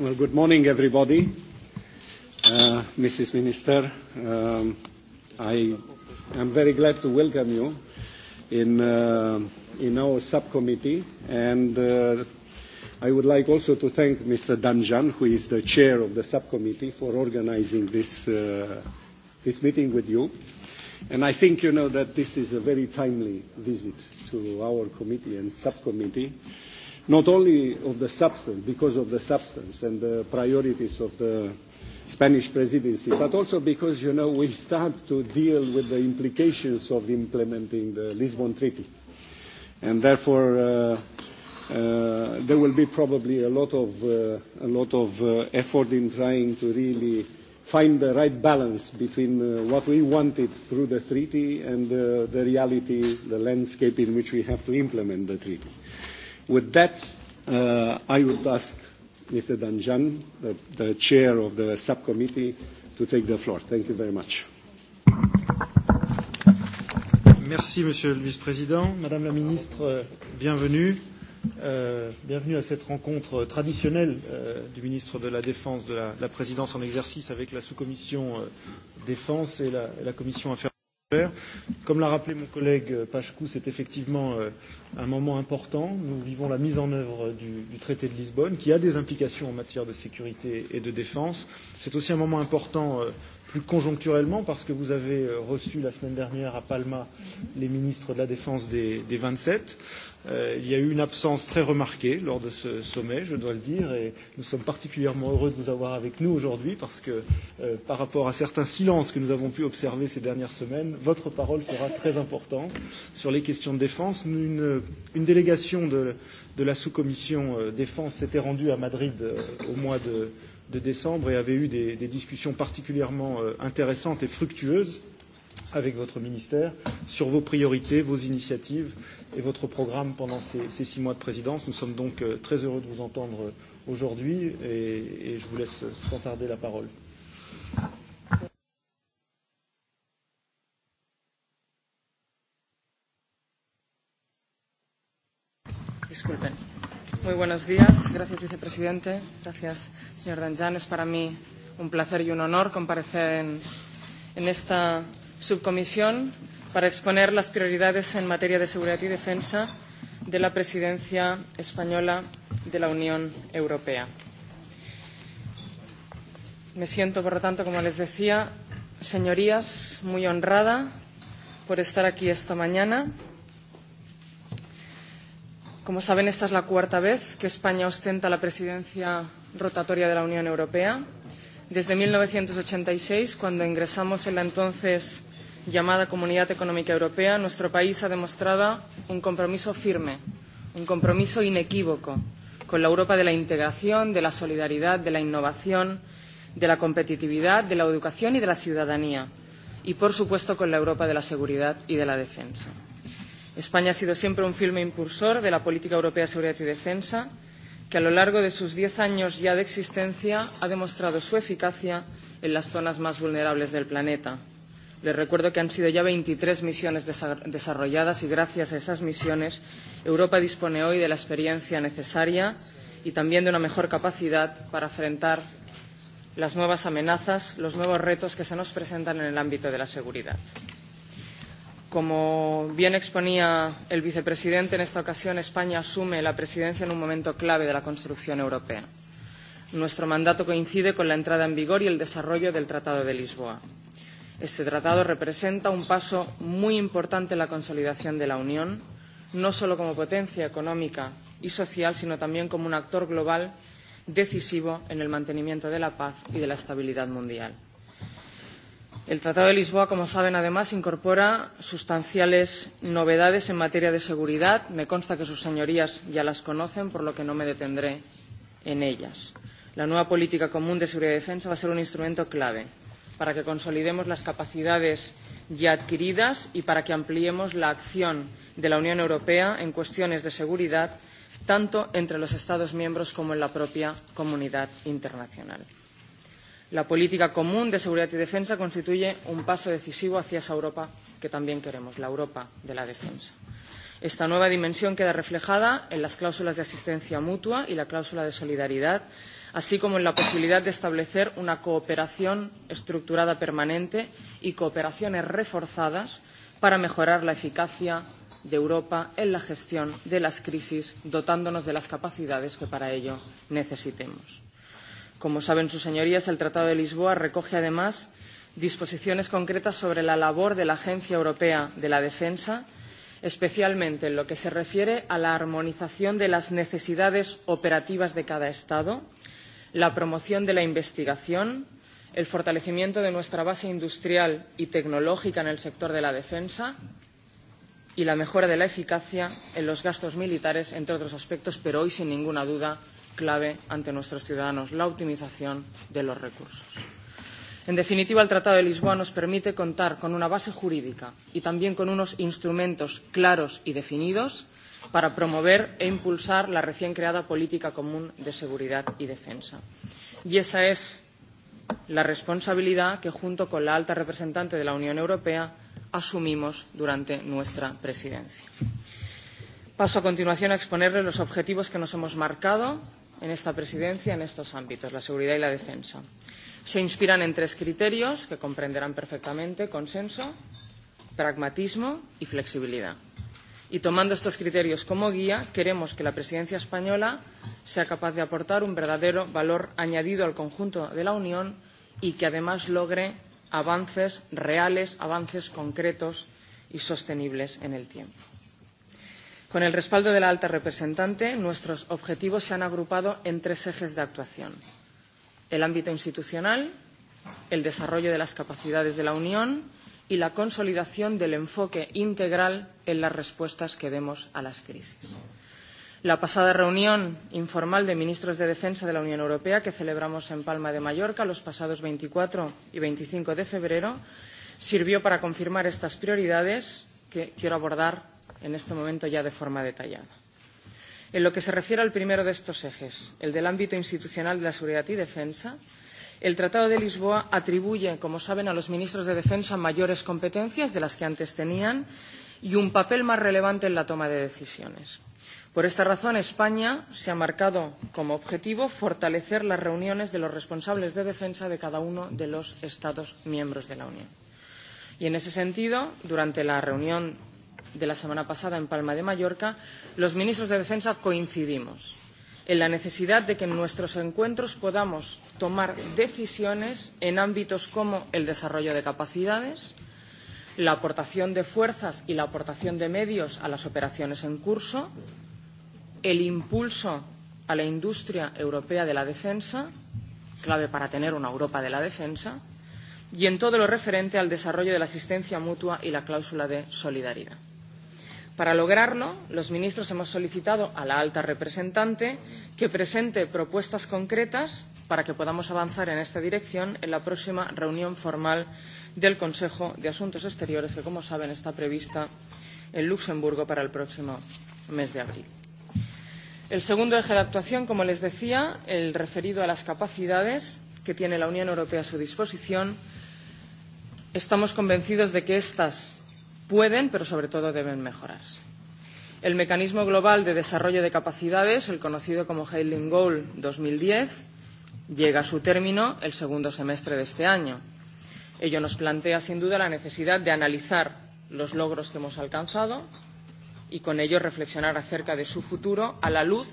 Well, good morning, everybody. Uh, Mrs. Minister, um, I am very glad to welcome you in, uh, in our subcommittee, and uh, I would like also to thank Mr. Danjan, who is the chair of the subcommittee, for organizing this, uh, this meeting with you. And I think you know that this is a very timely visit to our committee and subcommittee. Uh, not only of the substance, because of the substance and the priorities of the Spanish presidency, but also because, you know, we start to deal with the implications of implementing the Lisbon Treaty. And therefore, uh, uh, there will be probably a lot of, uh, a lot of uh, effort in trying to really find the right balance between uh, what we wanted through the treaty and uh, the reality, the landscape in which we have to implement the treaty. With that, uh, I would ask Mr. Danjan, the, the chair of the subcommittee, to take the floor. Thank you very much. Merci, Monsieur le Vice-président. Madame la Ministre, euh, bienvenue. Euh, bienvenue à cette rencontre traditionnelle euh, du ministre de la Défense, de la, la présidence en exercice avec la sous-commission euh, Défense et la, et la commission Affaires. Comme l'a rappelé mon collègue euh, Pachkou, c'est effectivement euh, un moment important. Nous vivons la mise en œuvre du, du traité de Lisbonne, qui a des implications en matière de sécurité et de défense. C'est aussi un moment important euh, plus conjoncturellement, parce que vous avez euh, reçu la semaine dernière à Palma les ministres de la Défense des, des 27. Euh, il y a eu une absence très remarquée lors de ce sommet, je dois le dire, et nous sommes particulièrement heureux de vous avoir avec nous aujourd'hui, parce que euh, par rapport à certains silences que nous avons pu observer ces dernières semaines, votre parole sera très importante sur les questions de défense. Une, une délégation de, de la sous-commission euh, défense s'était rendue à Madrid euh, au mois de de décembre et avait eu des, des discussions particulièrement euh, intéressantes et fructueuses avec votre ministère sur vos priorités, vos initiatives et votre programme pendant ces, ces six mois de présidence. Nous sommes donc euh, très heureux de vous entendre aujourd'hui et, et je vous laisse sans tarder la parole. Disculpen. Muy buenos días. Gracias, vicepresidente. Gracias, señor Danjan. Es para mí un placer y un honor comparecer en, en esta subcomisión para exponer las prioridades en materia de seguridad y defensa de la presidencia española de la Unión Europea. Me siento, por lo tanto, como les decía, señorías, muy honrada por estar aquí esta mañana Como saben, esta es la cuarta vez que España ostenta la presidencia rotatoria de la Unión Europea. Desde 1986, cuando ingresamos en la entonces llamada Comunidad Económica Europea, nuestro país ha demostrado un compromiso firme, un compromiso inequívoco con la Europa de la integración, de la solidaridad, de la innovación, de la competitividad, de la educación y de la ciudadanía, y por supuesto con la Europa de la seguridad y de la defensa. España ha sido siempre un firme impulsor de la política europea de seguridad y defensa, que a lo largo de sus diez años ya de existencia ha demostrado su eficacia en las zonas más vulnerables del planeta. Les recuerdo que han sido ya 23 misiones desarrolladas y gracias a esas misiones Europa dispone hoy de la experiencia necesaria y también de una mejor capacidad para afrontar las nuevas amenazas, los nuevos retos que se nos presentan en el ámbito de la seguridad. Como bien exponía el vicepresidente, en esta ocasión España asume la presidencia en un momento clave de la construcción europea. Nuestro mandato coincide con la entrada en vigor y el desarrollo del Tratado de Lisboa. Este tratado representa un paso muy importante en la consolidación de la Unión, no solo como potencia económica y social, sino también como un actor global decisivo en el mantenimiento de la paz y de la estabilidad mundial. El Tratado de Lisboa, como saben, además incorpora sustanciales novedades en materia de seguridad. Me consta que sus señorías ya las conocen, por lo que no me detendré en ellas. La nueva política común de seguridad y defensa va a ser un instrumento clave para que consolidemos las capacidades ya adquiridas y para que ampliemos la acción de la Unión Europea en cuestiones de seguridad, tanto entre los Estados miembros como en la propia comunidad internacional. La política común de seguridad y defensa constituye un paso decisivo hacia esa Europa que también queremos, la Europa de la defensa. Esta nueva dimensión queda reflejada en las cláusulas de asistencia mutua y la cláusula de solidaridad, así como en la posibilidad de establecer una cooperación estructurada permanente y cooperaciones reforzadas para mejorar la eficacia de Europa en la gestión de las crisis, dotándonos de las capacidades que para ello necesitemos. Como saben sus señorías, el Tratado de Lisboa recoge además disposiciones concretas sobre la labor de la Agencia Europea de la Defensa, especialmente en lo que se refiere a la armonización de las necesidades operativas de cada Estado, la promoción de la investigación, el fortalecimiento de nuestra base industrial y tecnológica en el sector de la defensa y la mejora de la eficacia en los gastos militares, entre otros aspectos, pero hoy, sin ninguna duda, clave ante nuestros ciudadanos, la optimización de los recursos. En definitiva, el Tratado de Lisboa nos permite contar con una base jurídica y también con unos instrumentos claros y definidos para promover e impulsar la recién creada Política Común de Seguridad y Defensa. Y esa es la responsabilidad que, junto con la alta representante de la Unión Europea, asumimos durante nuestra presidencia. Paso a continuación a exponerle los objetivos que nos hemos marcado en esta presidencia en estos ámbitos, la seguridad y la defensa. Se inspiran en tres criterios que comprenderán perfectamente consenso, pragmatismo y flexibilidad. Y tomando estos criterios como guía, queremos que la presidencia española sea capaz de aportar un verdadero valor añadido al conjunto de la Unión y que además logre avances reales, avances concretos y sostenibles en el tiempo. Con el respaldo de la alta representante, nuestros objetivos se han agrupado en tres ejes de actuación. El ámbito institucional, el desarrollo de las capacidades de la Unión y la consolidación del enfoque integral en las respuestas que demos a las crisis. La pasada reunión informal de ministros de Defensa de la Unión Europea, que celebramos en Palma de Mallorca los pasados 24 y 25 de febrero, sirvió para confirmar estas prioridades que quiero abordar en este momento ya de forma detallada. En lo que se refiere al primero de estos ejes, el del ámbito institucional de la seguridad y defensa, el Tratado de Lisboa atribuye, como saben, a los ministros de Defensa mayores competencias de las que antes tenían y un papel más relevante en la toma de decisiones. Por esta razón, España se ha marcado como objetivo fortalecer las reuniones de los responsables de defensa de cada uno de los Estados miembros de la Unión. Y en ese sentido, durante la reunión de la semana pasada en Palma de Mallorca, los ministros de Defensa coincidimos en la necesidad de que en nuestros encuentros podamos tomar decisiones en ámbitos como el desarrollo de capacidades, la aportación de fuerzas y la aportación de medios a las operaciones en curso, el impulso a la industria europea de la defensa, clave para tener una Europa de la defensa, y en todo lo referente al desarrollo de la asistencia mutua y la cláusula de solidaridad. Para lograrlo, los ministros hemos solicitado a la alta representante que presente propuestas concretas para que podamos avanzar en esta dirección en la próxima reunión formal del Consejo de Asuntos Exteriores, que, como saben, está prevista en Luxemburgo para el próximo mes de abril. El segundo eje de actuación, como les decía, el referido a las capacidades que tiene la Unión Europea a su disposición. Estamos convencidos de que estas pueden, pero sobre todo deben mejorarse. El Mecanismo Global de Desarrollo de Capacidades, el conocido como Hailing Goal 2010, llega a su término el segundo semestre de este año. Ello nos plantea, sin duda, la necesidad de analizar los logros que hemos alcanzado y con ello reflexionar acerca de su futuro a la luz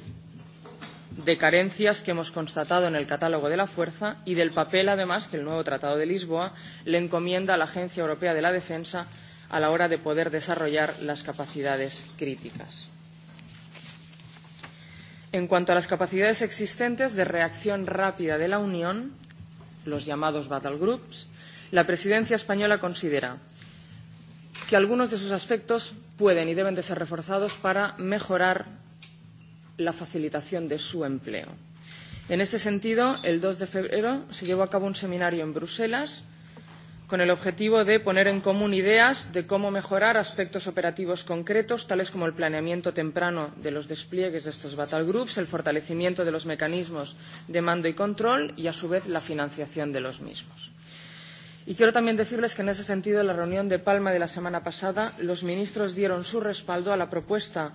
de carencias que hemos constatado en el catálogo de la fuerza y del papel, además, que el nuevo Tratado de Lisboa le encomienda a la Agencia Europea de la Defensa a la hora de poder desarrollar las capacidades críticas. En cuanto a las capacidades existentes de reacción rápida de la Unión, los llamados battle groups, la presidencia española considera que algunos de sus aspectos pueden y deben de ser reforzados para mejorar la facilitación de su empleo. En ese sentido, el 2 de febrero se llevó a cabo un seminario en Bruselas con el objetivo de poner en común ideas de cómo mejorar aspectos operativos concretos, tales como el planeamiento temprano de los despliegues de estos battle groups, el fortalecimiento de los mecanismos de mando y control y, a su vez, la financiación de los mismos. Y quiero también decirles que, en ese sentido, en la reunión de Palma de la semana pasada, los ministros dieron su respaldo a la propuesta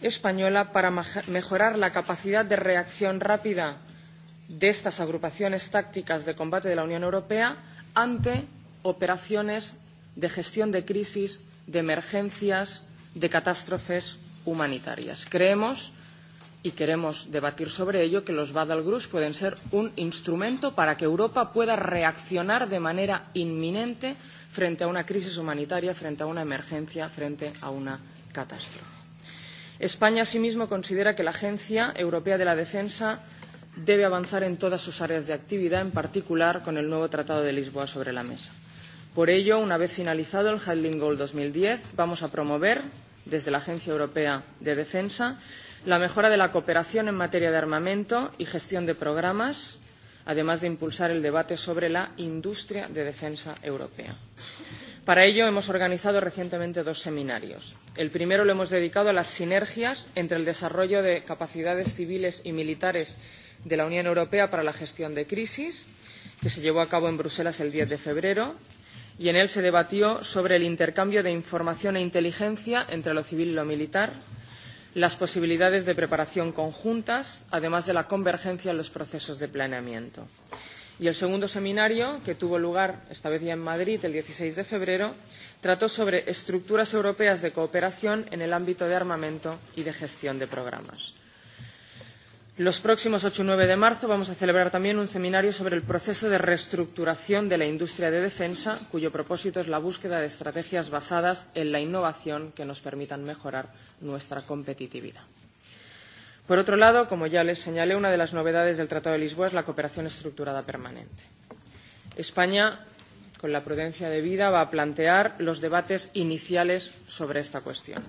española para mejorar la capacidad de reacción rápida de estas agrupaciones tácticas de combate de la Unión Europea ante operaciones de gestión de crisis, de emergencias, de catástrofes humanitarias. Creemos y queremos debatir sobre ello que los battlegroups pueden ser un instrumento para que Europa pueda reaccionar de manera inminente frente a una crisis humanitaria, frente a una emergencia, frente a una catástrofe. España, asimismo, considera que la Agencia Europea de la Defensa debe avanzar en todas sus áreas de actividad, en particular con el nuevo Tratado de Lisboa sobre la mesa. Por ello, una vez finalizado el Handling Goal 2010, vamos a promover, desde la Agencia Europea de Defensa, la mejora de la cooperación en materia de armamento y gestión de programas, además de impulsar el debate sobre la industria de defensa europea. Para ello hemos organizado recientemente dos seminarios. El primero lo hemos dedicado a las sinergias entre el desarrollo de capacidades civiles y militares de la Unión Europea para la gestión de crisis, que se llevó a cabo en Bruselas el 10 de febrero, y en él se debatió sobre el intercambio de información e inteligencia entre lo civil y lo militar, las posibilidades de preparación conjuntas, además de la convergencia en los procesos de planeamiento. Y el segundo seminario, que tuvo lugar esta vez ya en Madrid el 16 de febrero, trató sobre estructuras europeas de cooperación en el ámbito de armamento y de gestión de programas. Los próximos 8 y 9 de marzo vamos a celebrar también un seminario sobre el proceso de reestructuración de la industria de defensa, cuyo propósito es la búsqueda de estrategias basadas en la innovación que nos permitan mejorar nuestra competitividad. Por otro lado, como ya les señalé, una de las novedades del Tratado de Lisboa es la cooperación estructurada permanente. España, con la prudencia debida, va a plantear los debates iniciales sobre esta cuestión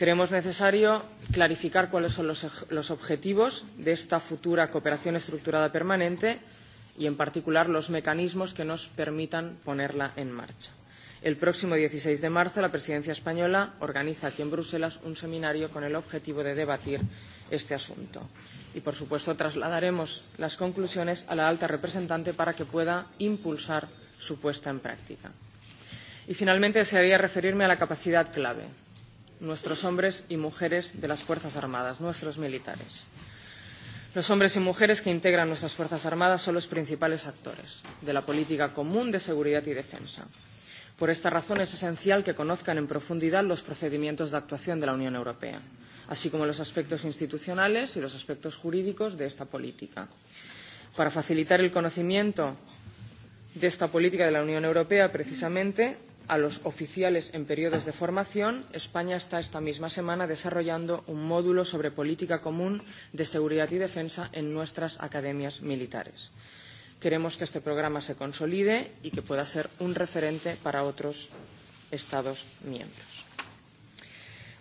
Creemos necesario clarificar cuáles son los, los objetivos de esta futura cooperación estructurada permanente y, en particular, los mecanismos que nos permitan ponerla en marcha. El próximo 16 de marzo, la presidencia española organiza aquí en Bruselas un seminario con el objetivo de debatir este asunto. Y, por supuesto, trasladaremos las conclusiones a la alta representante para que pueda impulsar su puesta en práctica. Y, finalmente, desearía referirme a la capacidad clave nuestros hombres y mujeres de las Fuerzas Armadas, nuestros militares. Los hombres y mujeres que integran nuestras Fuerzas Armadas son los principales actores de la política común de seguridad y defensa. Por esta razón es esencial que conozcan en profundidad los procedimientos de actuación de la Unión Europea, así como los aspectos institucionales y los aspectos jurídicos de esta política. Para facilitar el conocimiento de esta política de la Unión Europea, precisamente, a los oficiales en periodos de formación, España está esta misma semana desarrollando un módulo sobre política común de seguridad y defensa en nuestras academias militares. Queremos que este programa se consolide y que pueda ser un referente para otros Estados miembros.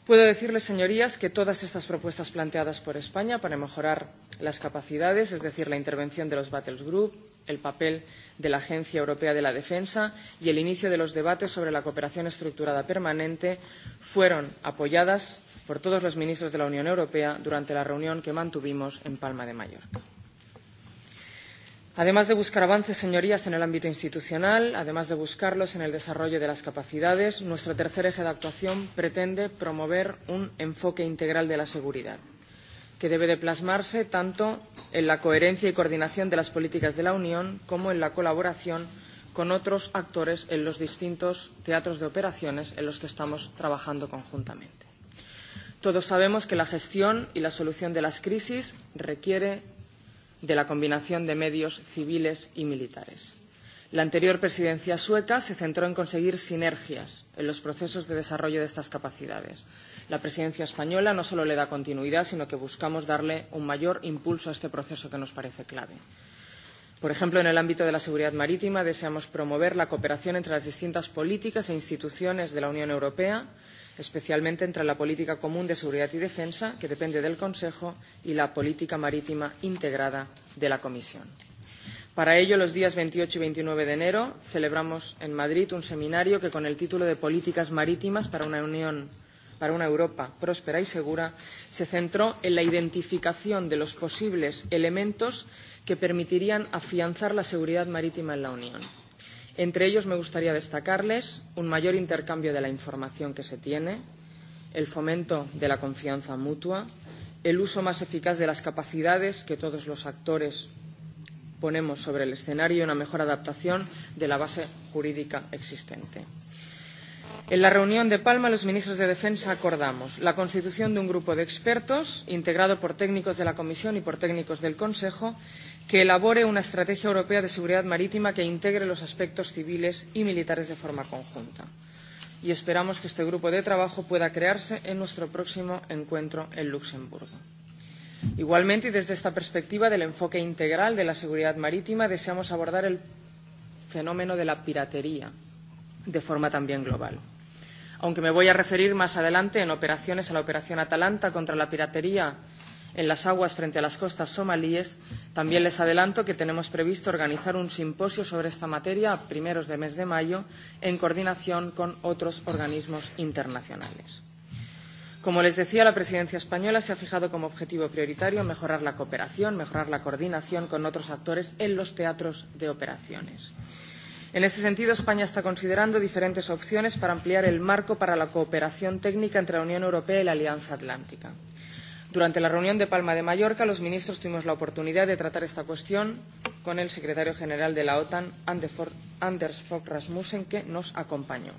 Puedo decirles, señorías, que todas estas propuestas planteadas por España para mejorar las capacidades, es decir, la intervención de los battles group, el papel de la Agencia Europea de la Defensa y el inicio de los debates sobre la cooperación estructurada permanente fueron apoyadas por todos los ministros de la Unión Europea durante la reunión que mantuvimos en Palma de Mallorca. Además de buscar avances, señorías, en el ámbito institucional, además de buscarlos en el desarrollo de las capacidades, nuestro tercer eje de actuación pretende promover un enfoque integral de la seguridad, que debe de plasmarse tanto en la coherencia y coordinación de las políticas de la Unión como en la colaboración con otros actores en los distintos teatros de operaciones en los que estamos trabajando conjuntamente. Todos sabemos que la gestión y la solución de las crisis requiere de la combinación de medios civiles y militares. La anterior presidencia sueca se centró en conseguir sinergias en los procesos de desarrollo de estas capacidades, la presidencia española no solo le da continuidad, sino que buscamos darle un mayor impulso a este proceso que nos parece clave. Por ejemplo, en el ámbito de la seguridad marítima deseamos promover la cooperación entre las distintas políticas e instituciones de la Unión Europea, especialmente entre la Política Común de Seguridad y Defensa, que depende del Consejo, y la Política Marítima Integrada de la Comisión. Para ello, los días 28 y 29 de enero celebramos en Madrid un seminario que, con el título de Políticas Marítimas para una Unión Europea, para una Europa próspera y segura se centró en la identificación de los posibles elementos que permitirían afianzar la seguridad marítima en la Unión. Entre ellos me gustaría destacarles un mayor intercambio de la información que se tiene, el fomento de la confianza mutua, el uso más eficaz de las capacidades que todos los actores ponemos sobre el escenario y una mejor adaptación de la base jurídica existente. En la reunión de Palma, los ministros de Defensa acordamos la constitución de un grupo de expertos, integrado por técnicos de la Comisión y por técnicos del Consejo, que elabore una estrategia europea de seguridad marítima que integre los aspectos civiles y militares de forma conjunta. Y esperamos que este grupo de trabajo pueda crearse en nuestro próximo encuentro en Luxemburgo. Igualmente, y desde esta perspectiva del enfoque integral de la seguridad marítima, deseamos abordar el fenómeno de la piratería de forma también global. Aunque me voy a referir más adelante en operaciones a la operación Atalanta contra la piratería en las aguas frente a las costas somalíes, también les adelanto que tenemos previsto organizar un simposio sobre esta materia a primeros de mes de mayo en coordinación con otros organismos internacionales. Como les decía, la presidencia española se ha fijado como objetivo prioritario mejorar la cooperación, mejorar la coordinación con otros actores en los teatros de operaciones. En ese sentido, España está considerando diferentes opciones para ampliar el marco para la cooperación técnica entre la Unión Europea y la Alianza Atlántica. Durante la reunión de Palma de Mallorca, los ministros tuvimos la oportunidad de tratar esta cuestión con el secretario general de la OTAN, Anders Fogh Rasmussen, que nos acompañó.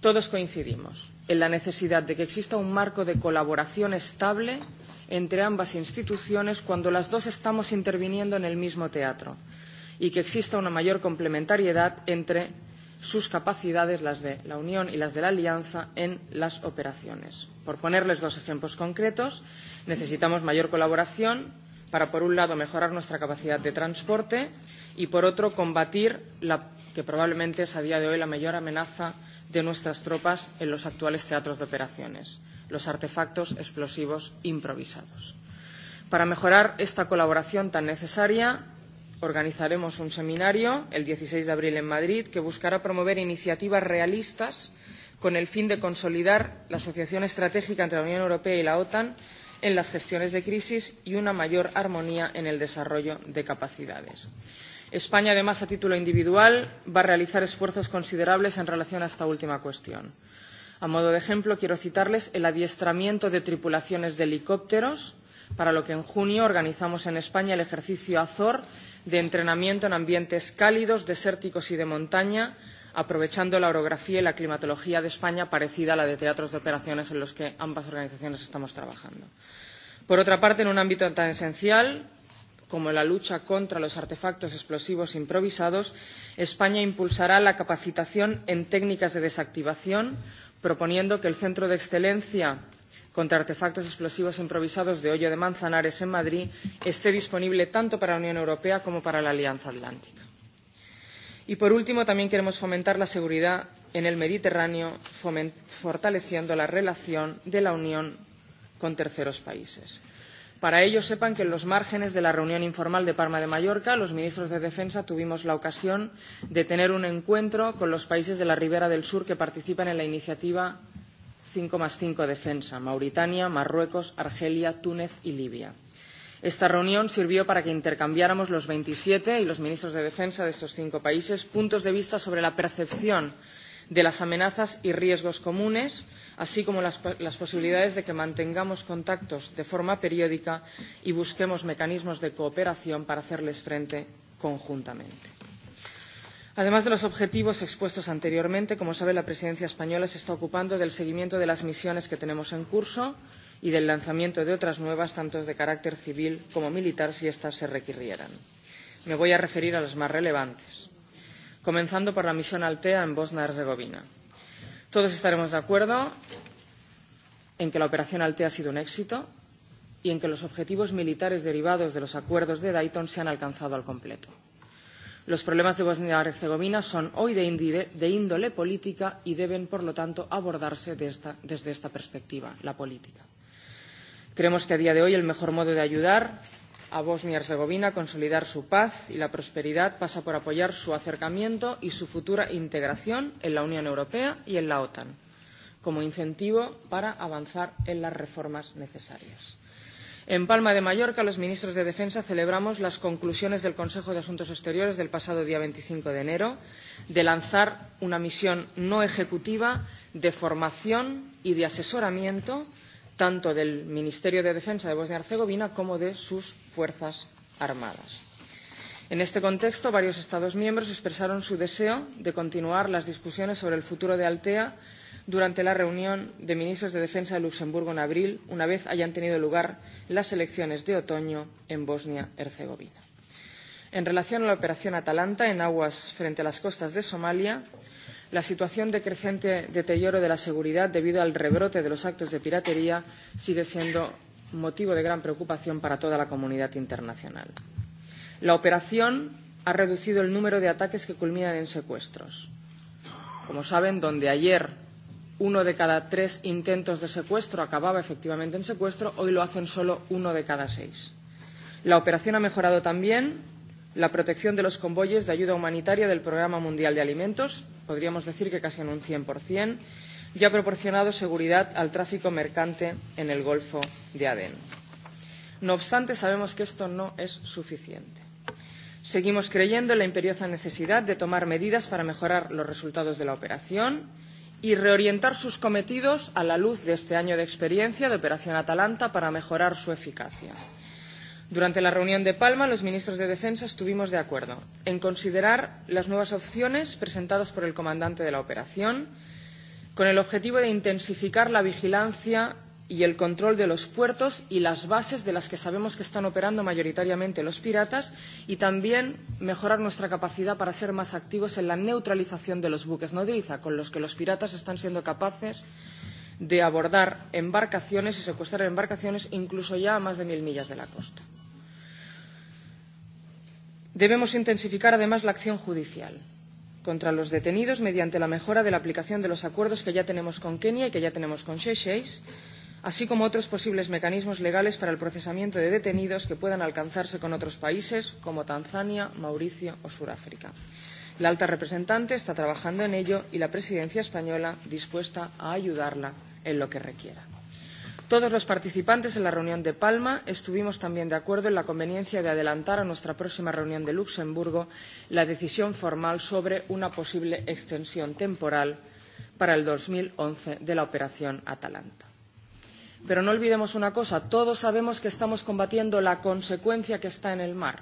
Todos coincidimos en la necesidad de que exista un marco de colaboración estable entre ambas instituciones cuando las dos estamos interviniendo en el mismo teatro y que exista una mayor complementariedad entre sus capacidades, las de la Unión y las de la Alianza, en las operaciones. Por ponerles dos ejemplos concretos, necesitamos mayor colaboración para, por un lado, mejorar nuestra capacidad de transporte y, por otro, combatir la que probablemente es a día de hoy la mayor amenaza de nuestras tropas en los actuales teatros de operaciones, los artefactos explosivos improvisados. Para mejorar esta colaboración tan necesaria, organizaremos un seminario el 16 de abril en Madrid que buscará promover iniciativas realistas con el fin de consolidar la asociación estratégica entre la Unión Europea y la OTAN en las gestiones de crisis y una mayor armonía en el desarrollo de capacidades. España, además, a título individual, va a realizar esfuerzos considerables en relación a esta última cuestión. A modo de ejemplo, quiero citarles el adiestramiento de tripulaciones de helicópteros, para lo que en junio organizamos en España el ejercicio Azor de entrenamiento en ambientes cálidos, desérticos y de montaña, aprovechando la orografía y la climatología de España parecida a la de teatros de operaciones en los que ambas organizaciones estamos trabajando. Por otra parte, en un ámbito tan esencial como la lucha contra los artefactos explosivos improvisados, España impulsará la capacitación en técnicas de desactivación, proponiendo que el Centro de Excelencia contra artefactos explosivos improvisados de Hoyo de Manzanares en Madrid esté disponible tanto para la Unión Europea como para la Alianza Atlántica. Y por último, también queremos fomentar la seguridad en el Mediterráneo, fortaleciendo la relación de la Unión con terceros países. Para ello, sepan que en los márgenes de la reunión informal de Parma de Mallorca, los ministros de Defensa tuvimos la ocasión de tener un encuentro con los países de la Ribera del Sur que participan en la iniciativa cinco más cinco defensa, Mauritania, Marruecos, Argelia, Túnez y Libia. Esta reunión sirvió para que intercambiáramos los 27 y los ministros de defensa de estos cinco países puntos de vista sobre la percepción de las amenazas y riesgos comunes, así como las, las posibilidades de que mantengamos contactos de forma periódica y busquemos mecanismos de cooperación para hacerles frente conjuntamente además de los objetivos expuestos anteriormente como sabe la presidencia española se está ocupando del seguimiento de las misiones que tenemos en curso y del lanzamiento de otras nuevas tanto de carácter civil como militar si éstas se requirieran. me voy a referir a las más relevantes comenzando por la misión althea en bosnia y herzegovina. todos estaremos de acuerdo en que la operación althea ha sido un éxito y en que los objetivos militares derivados de los acuerdos de dayton se han alcanzado al completo Los problemas de Bosnia-Herzegovina y son hoy de, de índole política y deben, por lo tanto, abordarse de esta, desde esta perspectiva, la política. Creemos que a día de hoy el mejor modo de ayudar a Bosnia y Herzegovina a consolidar su paz y la prosperidad pasa por apoyar su acercamiento y su futura integración en la Unión Europea y en la OTAN, como incentivo para avanzar en las reformas necesarias en palma de mallorca los ministros de defensa celebramos las conclusiones del consejo de asuntos exteriores del pasado día veinticinco de enero de lanzar una misión no ejecutiva de formación y de asesoramiento tanto del ministerio de defensa de bosnia y herzegovina como de sus fuerzas armadas. en este contexto varios estados miembros expresaron su deseo de continuar las discusiones sobre el futuro de altea durante la reunión de ministros de defensa de Luxemburgo en abril, una vez hayan tenido lugar las elecciones de otoño en Bosnia-Herzegovina. En relación a la operación Atalanta en aguas frente a las costas de Somalia, la situación de creciente deterioro de la seguridad debido al rebrote de los actos de piratería sigue siendo motivo de gran preocupación para toda la comunidad internacional. La operación ha reducido el número de ataques que culminan en secuestros. Como saben, donde ayer uno de cada tres intentos de secuestro acababa efectivamente en secuestro, hoy lo hacen solo uno de cada seis. La operación ha mejorado también la protección de los convoyes de ayuda humanitaria del Programa Mundial de Alimentos, podríamos decir que casi en un 100%, y ha proporcionado seguridad al tráfico mercante en el Golfo de Adén. No obstante, sabemos que esto no es suficiente. Seguimos creyendo en la imperiosa necesidad de tomar medidas para mejorar los resultados de la operación, y reorientar sus cometidos a la luz de este año de experiencia de Operación Atalanta para mejorar su eficacia. Durante la reunión de Palma, los ministros de Defensa estuvimos de acuerdo en considerar las nuevas opciones presentadas por el comandante de la operación, con el objetivo de intensificar la vigilancia y el control de los puertos y las bases de las que sabemos que están operando mayoritariamente los piratas y también mejorar nuestra capacidad para ser más activos en la neutralización de los buques nodriza con los que los piratas están siendo capaces de abordar embarcaciones y secuestrar embarcaciones incluso ya a más de mil millas de la costa. Debemos intensificar además la acción judicial contra los detenidos mediante la mejora de la aplicación de los acuerdos que ya tenemos con Kenia y que ya tenemos con Seychelles así como otros posibles mecanismos legales para el procesamiento de detenidos que puedan alcanzarse con otros países como Tanzania, Mauricio o Sudáfrica. La alta representante está trabajando en ello y la presidencia española dispuesta a ayudarla en lo que requiera. Todos los participantes en la reunión de Palma estuvimos también de acuerdo en la conveniencia de adelantar a nuestra próxima reunión de Luxemburgo la decisión formal sobre una posible extensión temporal para el 2011 de la operación Atalanta. Pero no olvidemos una cosa, todos sabemos que estamos combatiendo la consecuencia que está en el mar.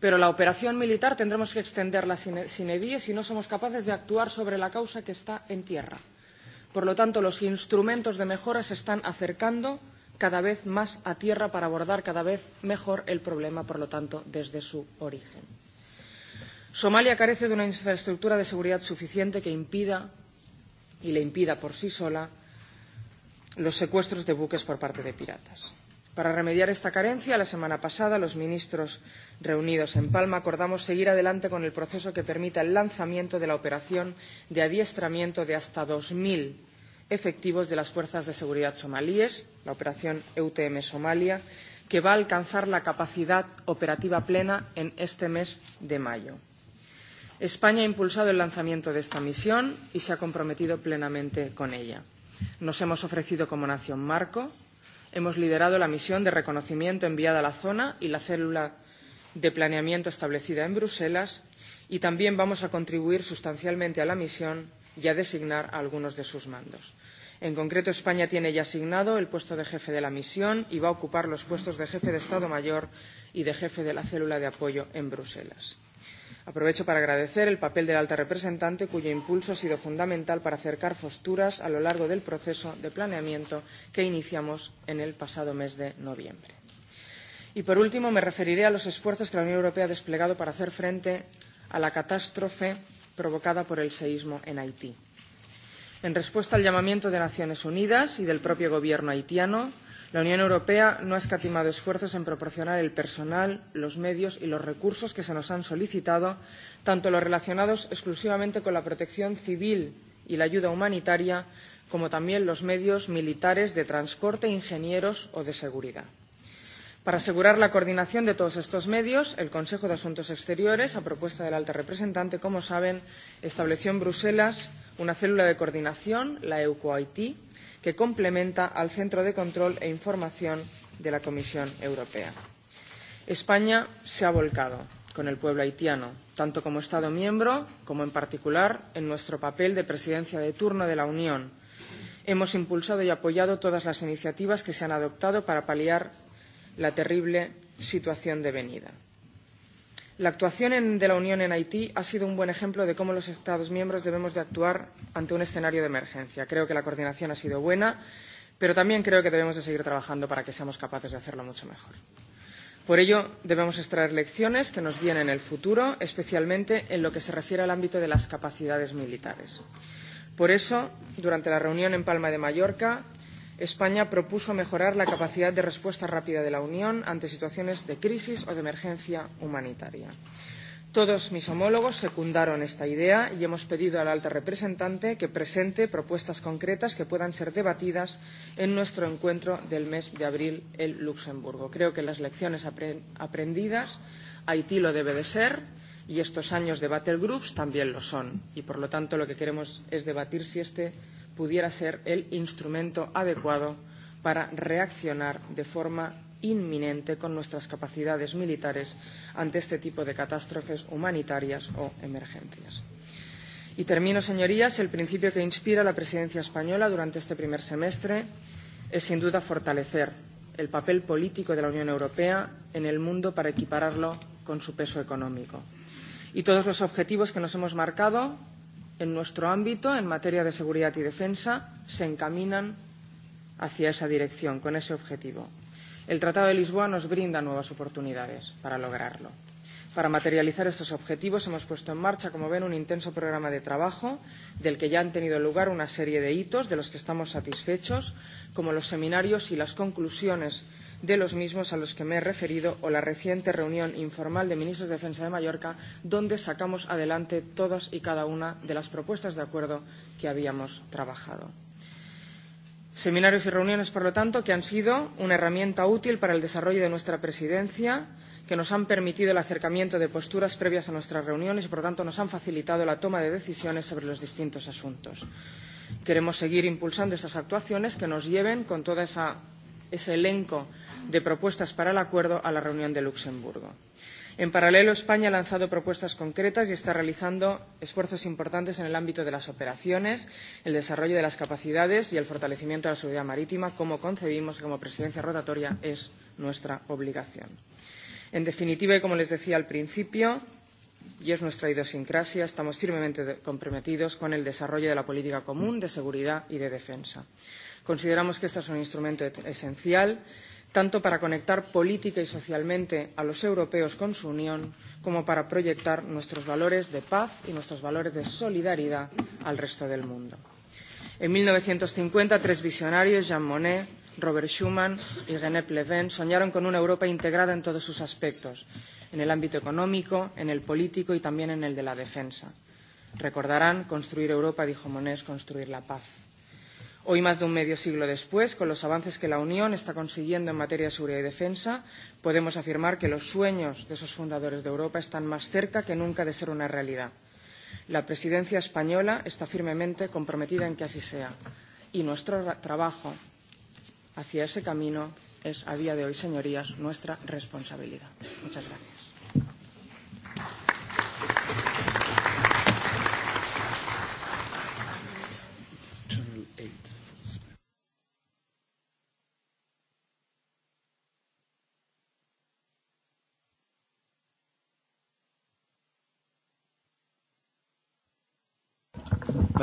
Pero la operación militar tendremos que extenderla sin, sin edie si no somos capaces de actuar sobre la causa que está en tierra. Por lo tanto, los instrumentos de mejora se están acercando cada vez más a tierra para abordar cada vez mejor el problema, por lo tanto, desde su origen. Somalia carece de una infraestructura de seguridad suficiente que impida y le impida por sí sola los secuestros de buques por parte de piratas. Para remediar esta carencia, la semana pasada los ministros reunidos en Palma acordamos seguir adelante con el proceso que permita el lanzamiento de la operación de adiestramiento de hasta 2.000 efectivos de las fuerzas de seguridad somalíes, la operación EUTM Somalia, que va a alcanzar la capacidad operativa plena en este mes de mayo. España ha impulsado el lanzamiento de esta misión y se ha comprometido plenamente con ella. Nos hemos ofrecido como nación marco, hemos liderado la misión de reconocimiento enviada a la zona y la célula de planeamiento establecida en Bruselas y también vamos a contribuir sustancialmente a la misión y a designar a algunos de sus mandos. En concreto, España tiene ya asignado el puesto de jefe de la misión y va a ocupar los puestos de jefe de Estado Mayor y de jefe de la célula de apoyo en Bruselas. Aprovecho para agradecer el papel de la alta representante, cuyo impulso ha sido fundamental para acercar posturas a lo largo del proceso de planeamiento que iniciamos en el pasado mes de noviembre. Y, por último, me referiré a los esfuerzos que la Unión Europea ha desplegado para hacer frente a la catástrofe provocada por el seísmo en Haití. En respuesta al llamamiento de Naciones Unidas y del propio Gobierno haitiano, La Unión Europea no ha escatimado esfuerzos en proporcionar el personal, los medios y los recursos que se nos han solicitado, tanto los relacionados exclusivamente con la protección civil y la ayuda humanitaria, como también los medios militares de transporte, ingenieros o de seguridad. Para asegurar la coordinación de todos estos medios, el Consejo de Asuntos Exteriores, a propuesta del alta representante, como saben, estableció en Bruselas una célula de coordinación, la EUCOIT, que complementa al Centro de Control e Información de la Comisión Europea. España se ha volcado con el pueblo haitiano, tanto como Estado miembro como, en particular, en nuestro papel de presidencia de turno de la Unión. Hemos impulsado y apoyado todas las iniciativas que se han adoptado para paliar la terrible situación de venida. La actuación de la Unión en Haití ha sido un buen ejemplo de cómo los Estados miembros debemos de actuar ante un escenario de emergencia. Creo que la coordinación ha sido buena, pero también creo que debemos de seguir trabajando para que seamos capaces de hacerlo mucho mejor. Por ello, debemos extraer lecciones que nos guíen en el futuro, especialmente en lo que se refiere al ámbito de las capacidades militares. Por eso, durante la reunión en Palma de Mallorca, España propuso mejorar la capacidad de respuesta rápida de la Unión ante situaciones de crisis o de emergencia humanitaria. Todos mis homólogos secundaron esta idea y hemos pedido a la alta representante que presente propuestas concretas que puedan ser debatidas en nuestro encuentro del mes de abril en Luxemburgo. Creo que las lecciones aprendidas, Haití lo debe de ser y estos años de battle groups también lo son. Y por lo tanto lo que queremos es debatir si este pudiera ser el instrumento adecuado para reaccionar de forma inminente con nuestras capacidades militares ante este tipo de catástrofes humanitarias o emergencias. Y termino, señorías. El principio que inspira la presidencia española durante este primer semestre es, sin duda, fortalecer el papel político de la Unión Europea en el mundo para equipararlo con su peso económico. Y todos los objetivos que nos hemos marcado en nuestro ámbito, en materia de seguridad y defensa, se encaminan hacia esa dirección, con ese objetivo. El Tratado de Lisboa nos brinda nuevas oportunidades para lograrlo. Para materializar estos objetivos hemos puesto en marcha, como ven, un intenso programa de trabajo del que ya han tenido lugar una serie de hitos de los que estamos satisfechos, como los seminarios y las conclusiones de los mismos a los que me he referido o la reciente reunión informal de ministros de Defensa de Mallorca, donde sacamos adelante todas y cada una de las propuestas de acuerdo que habíamos trabajado. Seminarios y reuniones, por lo tanto, que han sido una herramienta útil para el desarrollo de nuestra presidencia, que nos han permitido el acercamiento de posturas previas a nuestras reuniones y, por lo tanto, nos han facilitado la toma de decisiones sobre los distintos asuntos. Queremos seguir impulsando esas actuaciones que nos lleven, con todo esa, ese elenco de propuestas para el acuerdo a la reunión de Luxemburgo. En paralelo, España ha lanzado propuestas concretas y está realizando esfuerzos importantes en el ámbito de las operaciones, el desarrollo de las capacidades y el fortalecimiento de la seguridad marítima, como concebimos como presidencia rotatoria es nuestra obligación. En definitiva, y como les decía al principio, y es nuestra idiosincrasia, estamos firmemente comprometidos con el desarrollo de la política común de seguridad y de defensa. Consideramos que este es un instrumento esencial tanto para conectar política y socialmente a los europeos con su Unión como para proyectar nuestros valores de paz y nuestros valores de solidaridad al resto del mundo. En 1950, tres visionarios, Jean Monnet, Robert Schuman y René Pleven, soñaron con una Europa integrada en todos sus aspectos, en el ámbito económico, en el político y también en el de la defensa. Recordarán, construir Europa, dijo Monnet, es construir la paz Hoy, más de un medio siglo después, con los avances que la Unión está consiguiendo en materia de seguridad y defensa, podemos afirmar que los sueños de esos fundadores de Europa están más cerca que nunca de ser una realidad. La presidencia española está firmemente comprometida en que así sea y nuestro trabajo hacia ese camino es, a día de hoy, señorías, nuestra responsabilidad. Muchas gracias.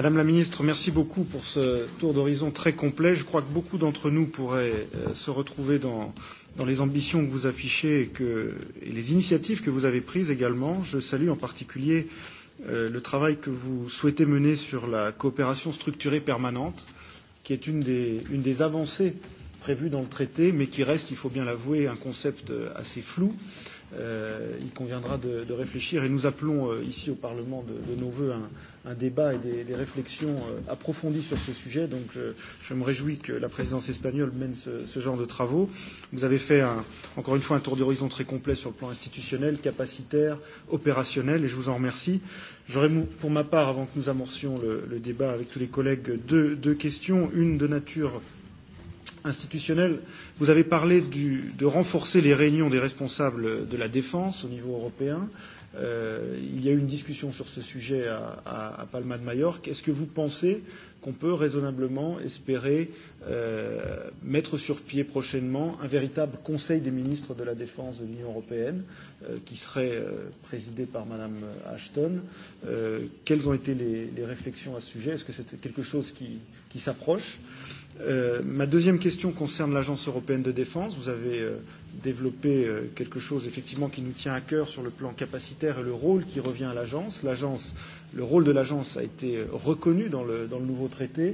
Madame la Ministre, merci beaucoup pour ce tour d'horizon très complet. Je crois que beaucoup d'entre nous pourraient euh, se retrouver dans, dans les ambitions que vous affichez et, que, et les initiatives que vous avez prises également. Je salue en particulier euh, le travail que vous souhaitez mener sur la coopération structurée permanente, qui est une des, une des avancées prévues dans le traité, mais qui reste, il faut bien l'avouer, un concept euh, assez flou. Euh, il conviendra de, de réfléchir et nous appelons euh, ici au Parlement de, de nos voeux un, un débat et des, des réflexions euh, approfondies sur ce sujet. Donc je, euh, je me réjouis que la présidence espagnole mène ce, ce genre de travaux. Vous avez fait un, encore une fois un tour d'horizon très complet sur le plan institutionnel, capacitaire, opérationnel, et je vous en remercie. J'aurais pour ma part, avant que nous amorcions le, le débat avec tous les collègues, deux, deux questions. Une de nature institutionnelle. Vous avez parlé du, de renforcer les réunions des responsables de la défense au niveau européen. Euh, il y a eu une discussion sur ce sujet à, à, à Palma de Majorque. Est-ce que vous pensez qu'on peut raisonnablement espérer euh, mettre sur pied prochainement un véritable Conseil des ministres de la Défense de l'Union européenne euh, qui serait euh, présidé par Madame Ashton euh, Quelles ont été les, les réflexions à ce sujet Est-ce que c'est quelque chose qui, qui s'approche euh, Euh, ma deuxième question concerne l'Agence européenne de défense. Vous avez euh, développé euh, quelque chose effectivement qui nous tient à cœur sur le plan capacitaire et le rôle qui revient à l'agence. L'agence le rôle de l'agence a été euh, reconnu dans le, dans le nouveau traité.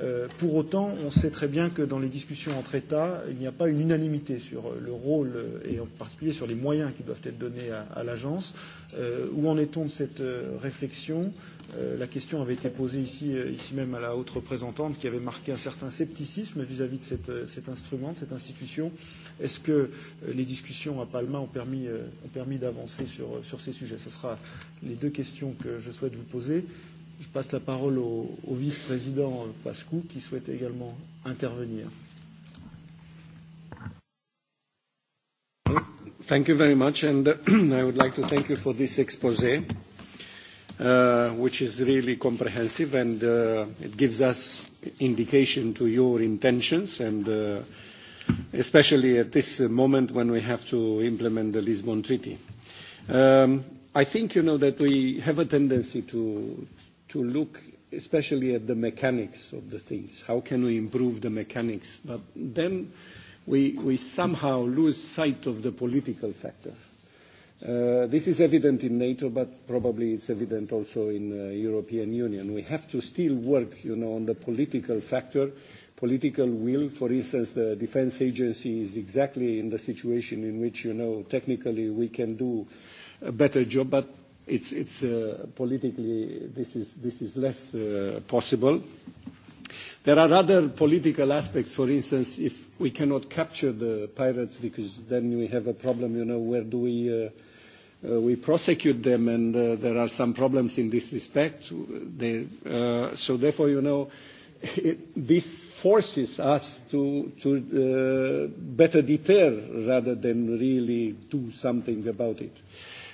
Euh, pour autant, on sait très bien que dans les discussions entre États, il n'y a pas une unanimité sur euh, le rôle euh, et en particulier sur les moyens qui doivent être donnés à, à l'agence. Euh, où en est-on de cette réflexion euh, La question avait été posée ici, ici même à la haute représentante qui avait marqué un certain scepticisme vis-à-vis -vis de cette, cet instrument, de cette institution. Est-ce que les discussions à Palma ont permis, ont permis d'avancer sur, sur ces sujets Ce sera les deux questions que je souhaite vous poser. Je passe la parole au, au vice-président Pascou qui souhaite également intervenir. Thank you very much, and I would like to thank you for this exposé, uh, which is really comprehensive, and uh, it gives us indication to your intentions, and uh, especially at this moment when we have to implement the Lisbon Treaty. Um, I think you know that we have a tendency to to look especially at the mechanics of the things. How can we improve the mechanics? But then we, we somehow lose sight of the political factor. Uh, this is evident in NATO, but probably it's evident also in the uh, European Union. We have to still work, you know, on the political factor, political will. For instance, the Defence Agency is exactly in the situation in which, you know, technically we can do uh, a better job, but it's, it's uh, politically this is, this is less uh, possible. There are other political aspects. For instance, if we cannot capture the pirates, because then we have a problem. You know, where do we? Uh, uh, we prosecute them, and uh, there are some problems in this respect. They, uh, so therefore, you know, it, this forces us to, to uh, better deter rather than really do something about it. Uh,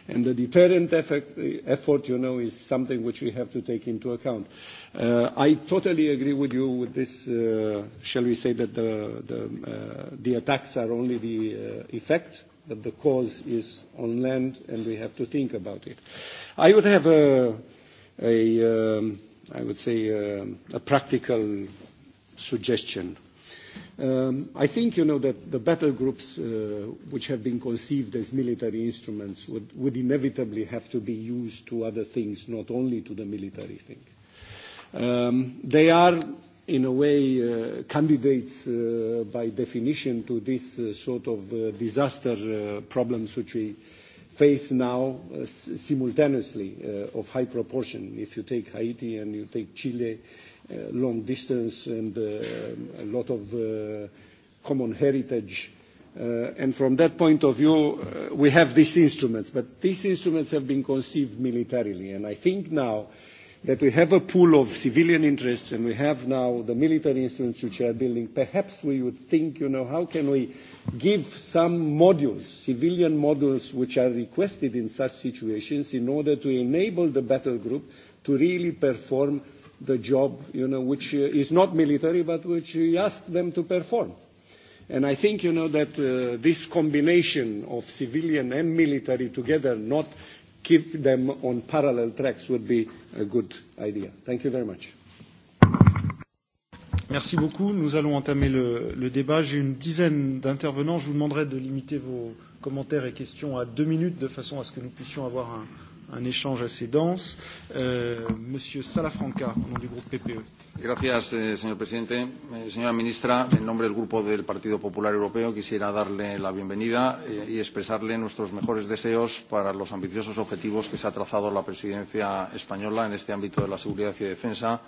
And the deterrent effect, effort, you know, is something which we have to take into account. Uh, I totally agree with you with this, uh, shall we say that the, the, uh, the attacks are only the uh, effect, that the cause is on land and we have to think about it. I would have a, a um, I would say, a, um, a practical suggestion Um, I think you know that the battle groups, uh, which have been conceived as military instruments, would, would inevitably have to be used to other things, not only to the military thing. Um, they are, in a way, uh, candidates uh, by definition to this uh, sort of uh, disaster uh, problems which we face now uh, simultaneously uh, of high proportion. If you take Haiti and you take Chile, Uh, long distance and uh, a lot of uh, common heritage. Uh, and from that point of view, uh, we have these instruments, but these instruments have been conceived militarily. And I think now that we have a pool of civilian interests and we have now the military instruments which are building, perhaps we would think, you know, how can we give some modules, civilian modules, which are requested in such situations in order to enable the battle group to really perform the job, you know, which uh, is not military, but which we ask them to perform. And I think, you know, that uh, this combination of civilian and military together, not keep them on parallel tracks, would be a good idea. Thank you very much. Merci beaucoup. Nous allons entamer le, le débat. J'ai une dizaine d'intervenants. Je vous demanderai de limiter vos commentaires et questions à deux minutes de façon à ce que nous puissions avoir un, un échange assez dense. Euh, Monsieur Salafranca, au nom du groupe PPE. Gracias, eh, señor presidente. Eh, señora ministra, en nombre del Grupo del Partido Popular Europeo quisiera darle la bienvenida eh, y expresarle nuestros mejores deseos para los ambiciosos objetivos que se ha trazado la presidencia española en este ámbito de la seguridad y defensa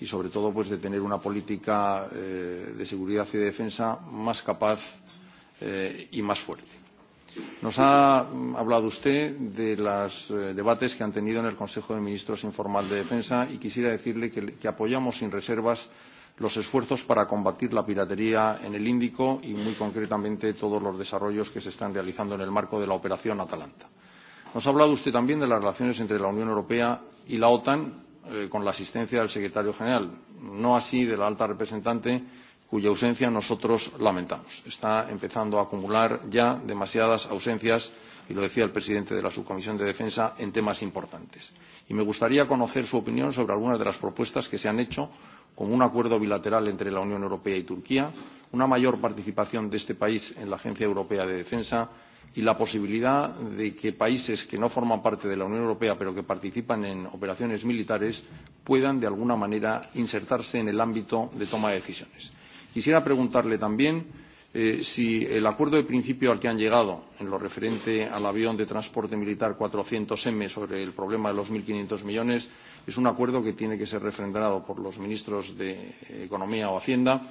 y, sobre todo, pues, de tener una política eh, de seguridad y defensa más capaz eh, y más fuerte. Nos ha hablado usted de los eh, debates que han tenido en el Consejo de Ministros Informal de Defensa y quisiera decirle que, que apoyamos sin reservas los esfuerzos para combatir la piratería en el Índico y, muy concretamente, todos los desarrollos que se están realizando en el marco de la operación Atalanta. Nos ha hablado usted también de las relaciones entre la Unión Europea y la OTAN eh, con la asistencia del secretario general, no así de la alta representante cuya ausencia nosotros lamentamos. Está empezando a acumular ya demasiadas ausencias, y lo decía el presidente de la Subcomisión de Defensa, en temas importantes. Y me gustaría conocer su opinión sobre algunas de las propuestas que se han hecho, como un acuerdo bilateral entre la Unión Europea y Turquía, una mayor participación de este país en la Agencia Europea de Defensa y la posibilidad de que países que no forman parte de la Unión Europea pero que participan en operaciones militares puedan, de alguna manera, insertarse en el ámbito de toma de decisiones. Quisiera preguntarle también eh, si el acuerdo de principio al que han llegado en lo referente al avión de transporte militar 400M sobre el problema de los 1.500 millones es un acuerdo que tiene que ser refrendado por los ministros de Economía o Hacienda.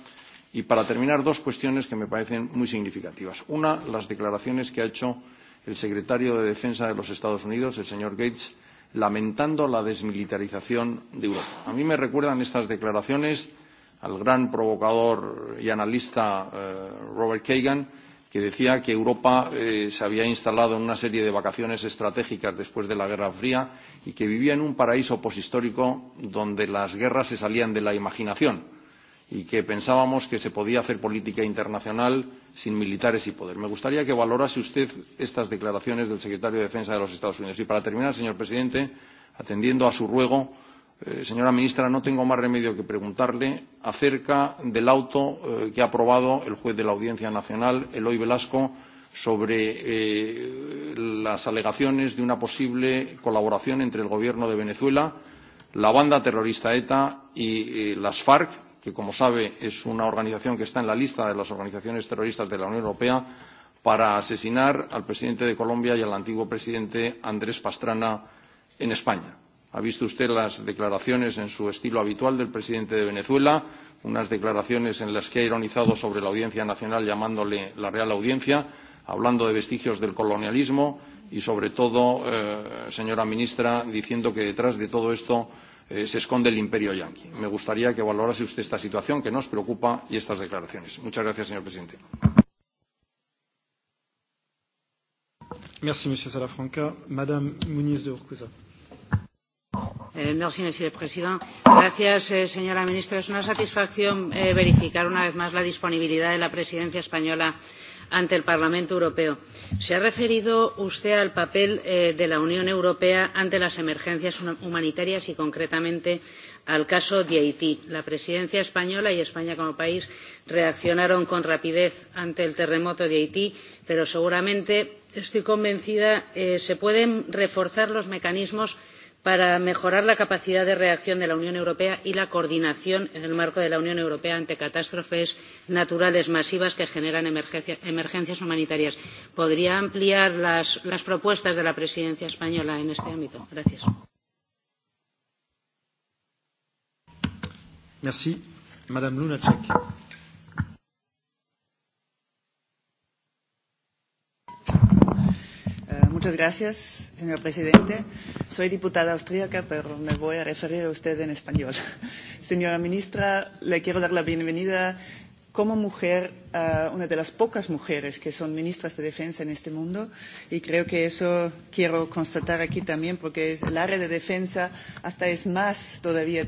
Y para terminar, dos cuestiones que me parecen muy significativas. Una, las declaraciones que ha hecho el secretario de Defensa de los Estados Unidos, el señor Gates, lamentando la desmilitarización de Europa. A mí me recuerdan estas declaraciones al gran provocador y analista eh, Robert Kagan, que decía que Europa eh, se había instalado en una serie de vacaciones estratégicas después de la Guerra Fría y que vivía en un paraíso poshistórico donde las guerras se salían de la imaginación y que pensábamos que se podía hacer política internacional sin militares y poder. Me gustaría que valorase usted estas declaraciones del secretario de Defensa de los Estados Unidos. Y para terminar, señor presidente, atendiendo a su ruego, Eh, señora ministra, no tengo más remedio que preguntarle acerca del auto eh, que ha aprobado el juez de la Audiencia Nacional, Eloy Velasco, sobre eh, las alegaciones de una posible colaboración entre el gobierno de Venezuela, la banda terrorista ETA y eh, las FARC, que como sabe es una organización que está en la lista de las organizaciones terroristas de la Unión Europea, para asesinar al presidente de Colombia y al antiguo presidente Andrés Pastrana en España ha visto usted las declaraciones en su estilo habitual del presidente de Venezuela, unas declaraciones en las que ha ironizado sobre la Audiencia Nacional llamándole la Real Audiencia, hablando de vestigios del colonialismo y, sobre todo, eh, señora ministra, diciendo que detrás de todo esto eh, se esconde el imperio yanqui. Me gustaría que valorase usted esta situación que nos preocupa y estas declaraciones. Muchas gracias, señor presidente. Merci, monsieur Salafranca. Madame Muniz de Urquiza. Eh, merci, monsieur le président. Eh, señora ministra. Es una satisfacción eh, verificar una vez más la disponibilidad de la presidencia española ante el Parlamento Europeo. Se ha referido usted al papel eh, de la Unión Europea ante las emergencias humanitarias y, concretamente, al caso de Haití. La presidencia española y España como país reaccionaron con rapidez ante el terremoto de Haití, pero seguramente, estoy convencida, se pueden reforzar los mecanismos para mejorar la capacidad de reacción de la unión europea y la coordinación en el marco de la unión europea ante catástrofes naturales masivas que generan emergencias humanitarias. podría ampliar las, propuestas de la presidencia española en este ámbito? gracias. Muchas gracias, señor presidente. Soy diputada austríaca, pero me voy a referir a usted en español. Señora ministra, le quiero dar la bienvenida como mujer, uh, una de las pocas mujeres que son ministras de defensa en este mundo, y creo que eso quiero constatar aquí también, porque es, el área de defensa hasta es más todavía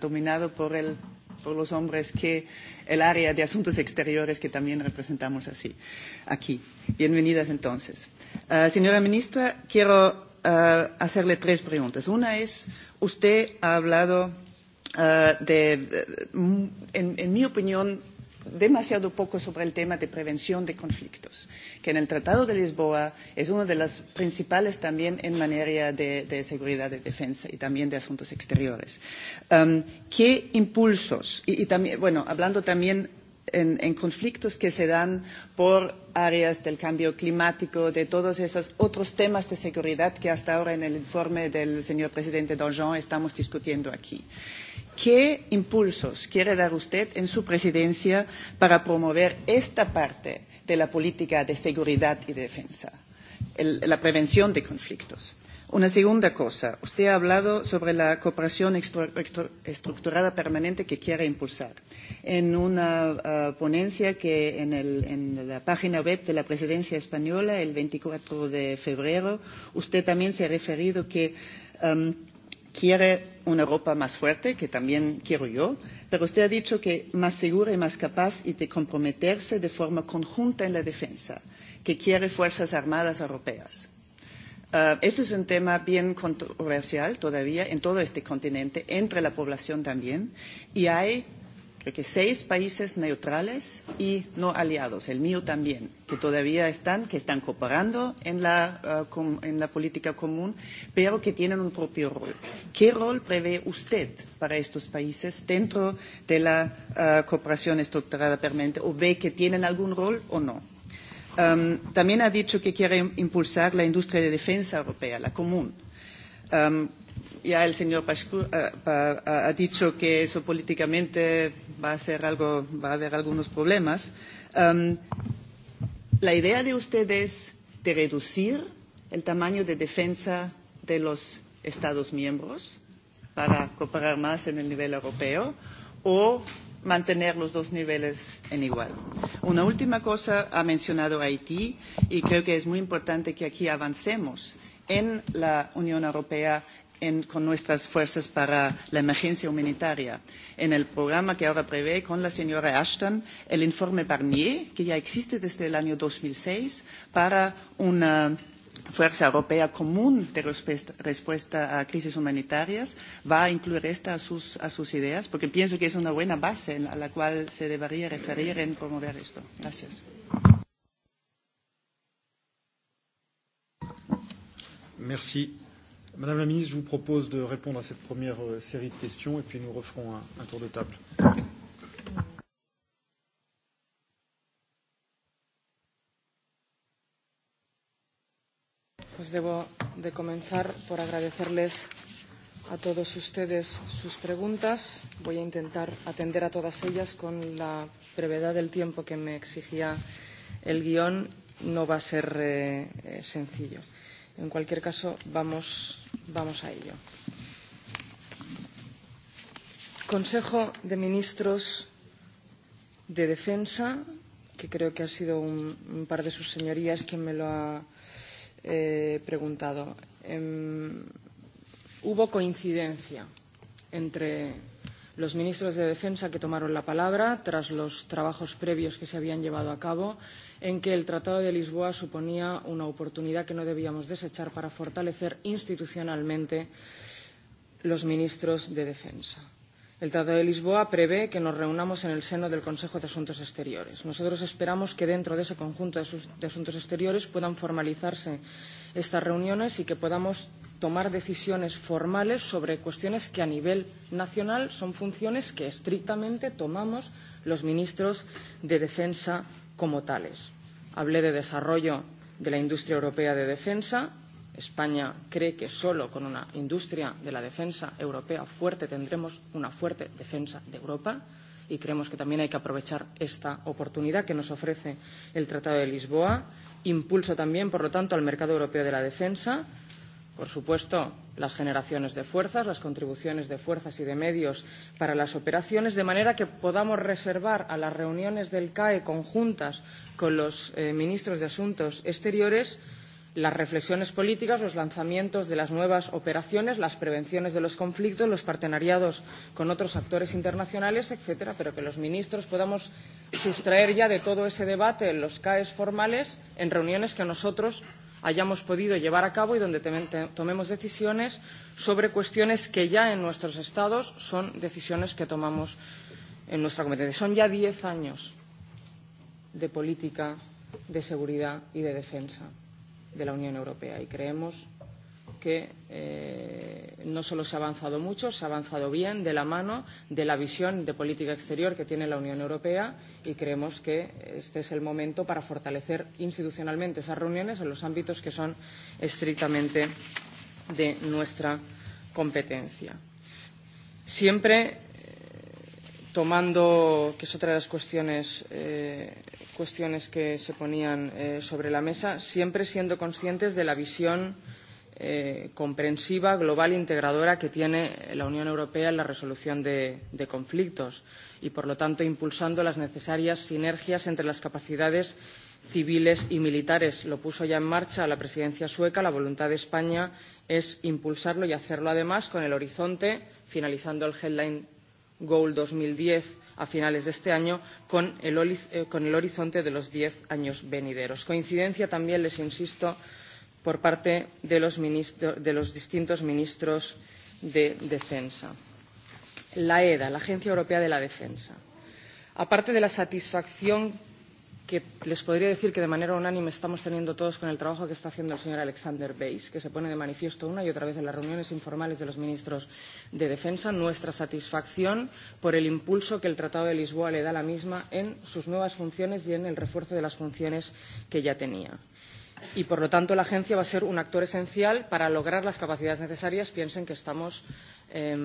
dominado por el por los hombres que el área de asuntos exteriores que también representamos así, aquí. Bienvenidas entonces. Uh, señora ministra, quiero uh, hacerle tres preguntas. Una es, usted ha hablado uh, de, mm, en, en mi opinión, demasiado poco sobre el tema de prevención de conflictos, que en el Tratado de Lisboa es una de las principales también en materia de, de seguridad, de defensa y también de asuntos exteriores. Um, ¿Qué impulsos? Y, y también, bueno, hablando también en, en conflictos que se dan por áreas del cambio climático, de todos esos otros temas de seguridad que hasta ahora en el informe del señor presidente Donjon estamos discutiendo aquí. ¿Qué impulsos quiere dar usted en su presidencia para promover esta parte de la política de seguridad y defensa, el, la prevención de conflictos? Una segunda cosa, usted ha hablado sobre la cooperación extra, extra, estructurada permanente que quiere impulsar. En una uh, ponencia que en, el, en la página web de la presidencia española, el 24 de febrero, usted también se ha referido que um, quiere una Europa más fuerte, que también quiero yo, pero usted ha dicho que más segura y más capaz y de comprometerse de forma conjunta en la defensa, que quiere Fuerzas Armadas Europeas. Uh, esto es un tema bien controversial todavía en todo este continente, entre la población también, y hay creo que seis países neutrales y no aliados, el mío también, que todavía están, que están cooperando en la, uh, com, en la política común, pero que tienen un propio rol. ¿Qué rol prevé usted para estos países dentro de la uh, cooperación estructurada permanente o ve que tienen algún rol o no? Um, también ha dicho que quiere impulsar la industria de defensa europea, la común. Um, ya el señor Pascu ha, eh, ha, ha dicho que eso políticamente va a ser algo, va a haber algunos problemas. Um, la idea de ustedes de reducir el tamaño de defensa de los Estados miembros para cooperar más en el nivel europeo o mantener los dos niveles en igual. Una última cosa ha mencionado Haití y creo que es muy importante que aquí avancemos en la Unión Europea en, con nuestras fuerzas para la emergencia humanitaria. En el programa que ahora prevé con la señora Ashton, el informe Barnier, que ya existe desde el año 2006, para una Fuerza Europea Común de Respuesta a Crisis Humanitarias va a incluir esta a sus, a sus ideas, porque pienso que es una buena base a la cual se debería referir en promover esto. Gracias. Merci. Madame la ministre, je vous propose de répondre à cette première euh, série de questions et puis nous referons un, un tour de table. Pues debo de comenzar por agradecerles a todos ustedes sus preguntas. Voy a intentar atender a todas ellas con la brevedad del tiempo que me exigía el guión. No va a ser eh, eh sencillo. En cualquier caso, vamos Vamos a ello. Consejo de Ministros de Defensa, que creo que ha sido un, un par de sus señorías quien me lo ha eh, preguntado. Eh, hubo coincidencia entre los ministros de Defensa que tomaron la palabra tras los trabajos previos que se habían llevado a cabo en que el Tratado de Lisboa suponía una oportunidad que no debíamos desechar para fortalecer institucionalmente los ministros de Defensa. El Tratado de Lisboa prevé que nos reunamos en el seno del Consejo de Asuntos Exteriores. Nosotros esperamos que dentro de ese conjunto de asuntos exteriores puedan formalizarse estas reuniones y que podamos tomar decisiones formales sobre cuestiones que a nivel nacional son funciones que estrictamente tomamos los ministros de Defensa como tales. Hablé de desarrollo de la industria europea de defensa. España cree que solo con una industria de la defensa europea fuerte tendremos una fuerte defensa de Europa y creemos que también hay que aprovechar esta oportunidad que nos ofrece el Tratado de Lisboa. Impulso también, por lo tanto, al mercado europeo de la defensa Por supuesto, las generaciones de fuerzas, las contribuciones de fuerzas y de medios para las operaciones, de manera que podamos reservar a las reuniones del CAE conjuntas con los eh, ministros de Asuntos Exteriores las reflexiones políticas, los lanzamientos de las nuevas operaciones, las prevenciones de los conflictos, los partenariados con otros actores internacionales, etcétera, pero que los ministros podamos sustraer ya de todo ese debate los CAEs formales en reuniones que nosotros hayamos podido llevar a cabo y donde tomemos decisiones sobre cuestiones que ya en nuestros estados son decisiones que tomamos en nuestra competencia. Son ya diez años de política de seguridad y de defensa de la Unión Europea y creemos que eh, no solo se ha avanzado mucho, se ha avanzado bien de la mano de la visión de política exterior que tiene la Unión Europea y creemos que este es el momento para fortalecer institucionalmente esas reuniones en los ámbitos que son estrictamente de nuestra competencia. Siempre eh, tomando, que es otra de las cuestiones, eh, cuestiones que se ponían eh, sobre la mesa, siempre siendo conscientes de la visión eh, eh, comprensiva, global e integradora que tiene la Unión Europea en la resolución de, de conflictos y, por lo tanto, impulsando las necesarias sinergias entre las capacidades civiles y militares. Lo puso ya en marcha la presidencia sueca. La voluntad de España es impulsarlo y hacerlo, además, con el horizonte, finalizando el Headline Goal 2010 a finales de este año con el, eh, con el horizonte de los diez años venideros. Coincidencia también, les insisto, por parte de los, de los distintos ministros de defensa. La EDA, la Agencia Europea de la Defensa. Aparte de la satisfacción que les podría decir que de manera unánime estamos teniendo todos con el trabajo que está haciendo el señor Alexander Bayes, que se pone de manifiesto una y otra vez en las reuniones informales de los ministros de Defensa, nuestra satisfacción por el impulso que el Tratado de Lisboa le da a la misma en sus nuevas funciones y en el refuerzo de las funciones que ya tenía y por lo tanto la agencia va a ser un actor esencial para lograr las capacidades necesarias. Piensen que estamos eh,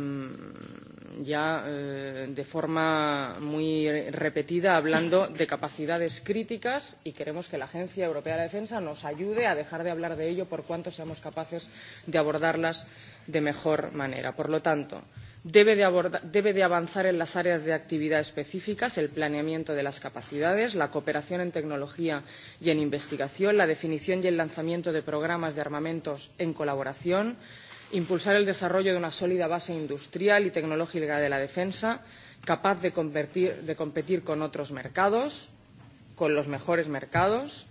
ya eh, de forma muy repetida hablando de capacidades críticas y queremos que la Agencia Europea de la Defensa nos ayude a dejar de hablar de ello por cuanto seamos capaces de abordarlas de mejor manera. Por lo tanto, debe de, debe de avanzar en las áreas de actividad específicas el planeamiento de las capacidades la cooperación en tecnología y en investigación la definición y el lanzamiento de programas de armamentos en colaboración impulsar el desarrollo de una sólida base industrial y tecnológica de la defensa capaz de, convertir, de competir con otros mercados con los mejores mercados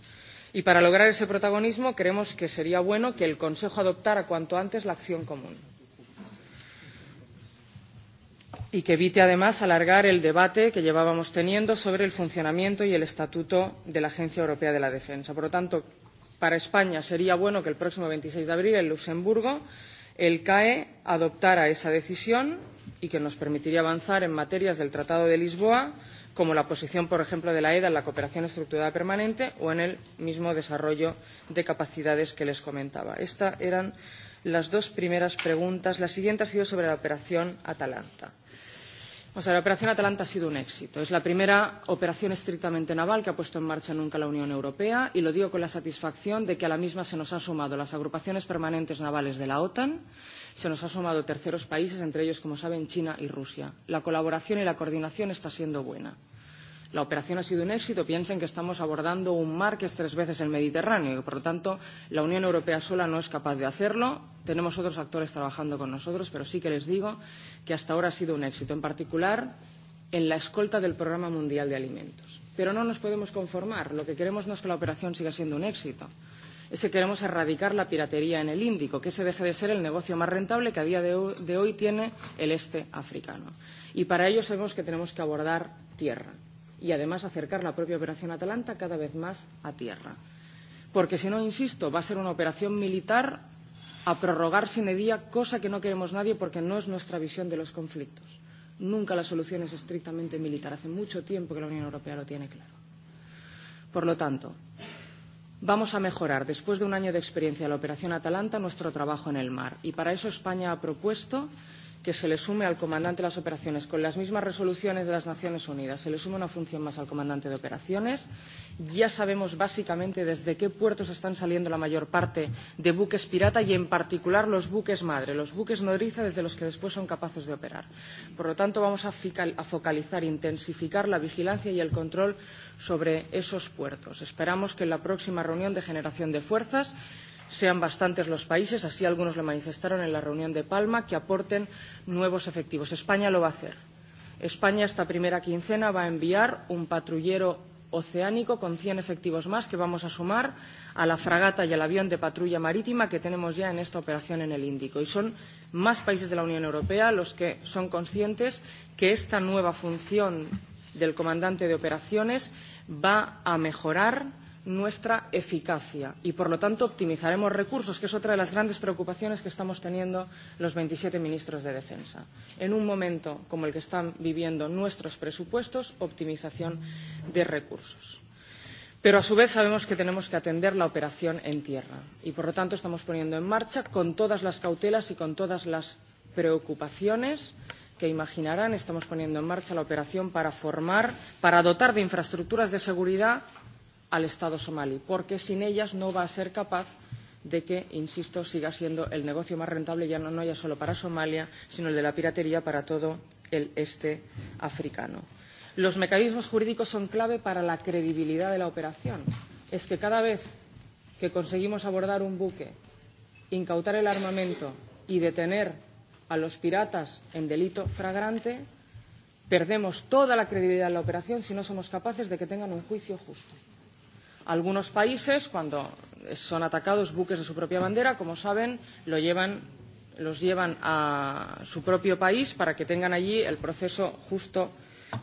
y para lograr ese protagonismo creemos que sería bueno que el consejo adoptara cuanto antes la acción común y que evite además alargar el debate que llevábamos teniendo sobre el funcionamiento y el estatuto de la Agencia Europea de la Defensa. Por lo tanto, para España sería bueno que el próximo 26 de abril en Luxemburgo el CAE adoptara esa decisión y que nos permitiría avanzar en materias del Tratado de Lisboa, como la posición, por ejemplo, de la EDA en la cooperación estructurada permanente o en el mismo desarrollo de capacidades que les comentaba. Estas eran las dos primeras preguntas. La siguiente ha sido sobre la operación Atalanta. O sea, la operación Atalanta ha sido un éxito. Es la primera operación estrictamente naval que ha puesto en marcha nunca la Unión Europea y lo digo con la satisfacción de que a la misma se nos han sumado las agrupaciones permanentes navales de la OTAN, se nos han sumado terceros países, entre ellos, como saben, China y Rusia. La colaboración y la coordinación está siendo buena la operación ha sido un éxito. Piensen que estamos abordando un mar que es tres veces el Mediterráneo y, por lo tanto, la Unión Europea sola no es capaz de hacerlo. Tenemos otros actores trabajando con nosotros, pero sí que les digo que hasta ahora ha sido un éxito, en particular en la escolta del Programa Mundial de Alimentos. Pero no nos podemos conformar. Lo que queremos no es que la operación siga siendo un éxito es que queremos erradicar la piratería en el Índico, que ese deje de ser el negocio más rentable que a día de hoy, de hoy tiene el este africano. Y para ello sabemos que tenemos que abordar tierra y además acercar la propia operación Atalanta cada vez más a tierra. Porque si no, insisto, va a ser una operación militar a prorrogar sin edía, cosa que no queremos nadie porque no es nuestra visión de los conflictos. Nunca la solución es estrictamente militar. Hace mucho tiempo que la Unión Europea lo tiene claro. Por lo tanto, Vamos a mejorar, después de un año de experiencia de la Operación Atalanta, nuestro trabajo en el mar. Y para eso España ha propuesto que se le sume al comandante de las operaciones con las mismas resoluciones de las Naciones Unidas, se le sume una función más al comandante de operaciones. Ya sabemos básicamente desde qué puertos están saliendo la mayor parte de buques pirata y en particular los buques madre, los buques nodriza desde los que después son capaces de operar. Por lo tanto, vamos a focalizar, intensificar la vigilancia y el control sobre esos puertos. Esperamos que en la próxima reunión de generación de fuerzas sean bastantes los países, así algunos lo manifestaron en la reunión de Palma, que aporten nuevos efectivos. España lo va a hacer. España esta primera quincena va a enviar un patrullero oceánico con 100 efectivos más que vamos a sumar a la fragata y al avión de patrulla marítima que tenemos ya en esta operación en el Índico. Y son más países de la Unión Europea los que son conscientes que esta nueva función del comandante de operaciones va a mejorar nuestra eficacia y, por lo tanto, optimizaremos recursos, que es otra de las grandes preocupaciones que estamos teniendo los 27 ministros de Defensa. En un momento como el que están viviendo nuestros presupuestos, optimización de recursos. Pero, a su vez, sabemos que tenemos que atender la operación en tierra y, por lo tanto, estamos poniendo en marcha, con todas las cautelas y con todas las preocupaciones, que imaginarán, estamos poniendo en marcha la operación para formar, para dotar de infraestructuras de seguridad al Estado somalí, porque sin ellas no va a ser capaz de que, insisto, siga siendo el negocio más rentable ya no, no ya solo para Somalia, sino el de la piratería para todo el este africano. Los mecanismos jurídicos son clave para la credibilidad de la operación. Es que cada vez que conseguimos abordar un buque, incautar el armamento y detener a los piratas en delito fragrante, perdemos toda la credibilidad de la operación si no somos capaces de que tengan un juicio justo. Algunos países, cuando son atacados buques de su propia bandera, como saben, lo llevan, los llevan a su propio país para que tengan allí el proceso justo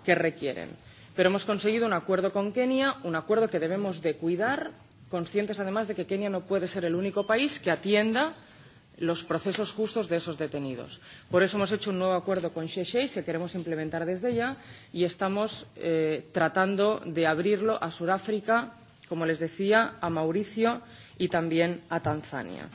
que requieren. Pero hemos conseguido un acuerdo con Kenia, un acuerdo que debemos de cuidar, conscientes además de que Kenia no puede ser el único país que atienda los procesos justos de esos detenidos. Por eso hemos hecho un nuevo acuerdo con Seychelles que queremos implementar desde ya y estamos eh, tratando de abrirlo a Sudáfrica, como les decía, a Mauricio y también a Tanzania.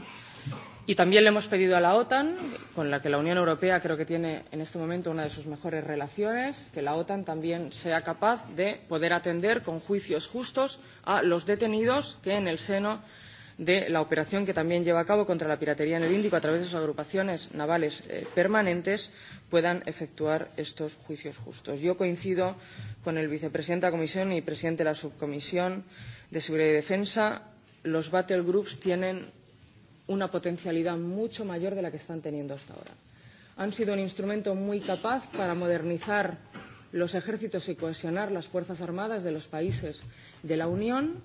Y también le hemos pedido a la OTAN, con la que la Unión Europea creo que tiene en este momento una de sus mejores relaciones, que la OTAN también sea capaz de poder atender con juicios justos a los detenidos que en el seno de la operación que también lleva a cabo contra la piratería en el Índico a través de sus agrupaciones navales eh, permanentes puedan efectuar estos juicios justos. Yo coincido con el vicepresidente de la Comisión y presidente de la subcomisión eh, de seguridad y defensa, los battlegroups tienen una potencialidad mucho mayor de la que están teniendo hasta ahora. Han sido un instrumento muy capaz para modernizar los ejércitos y cohesionar las Fuerzas Armadas de los países de la Unión,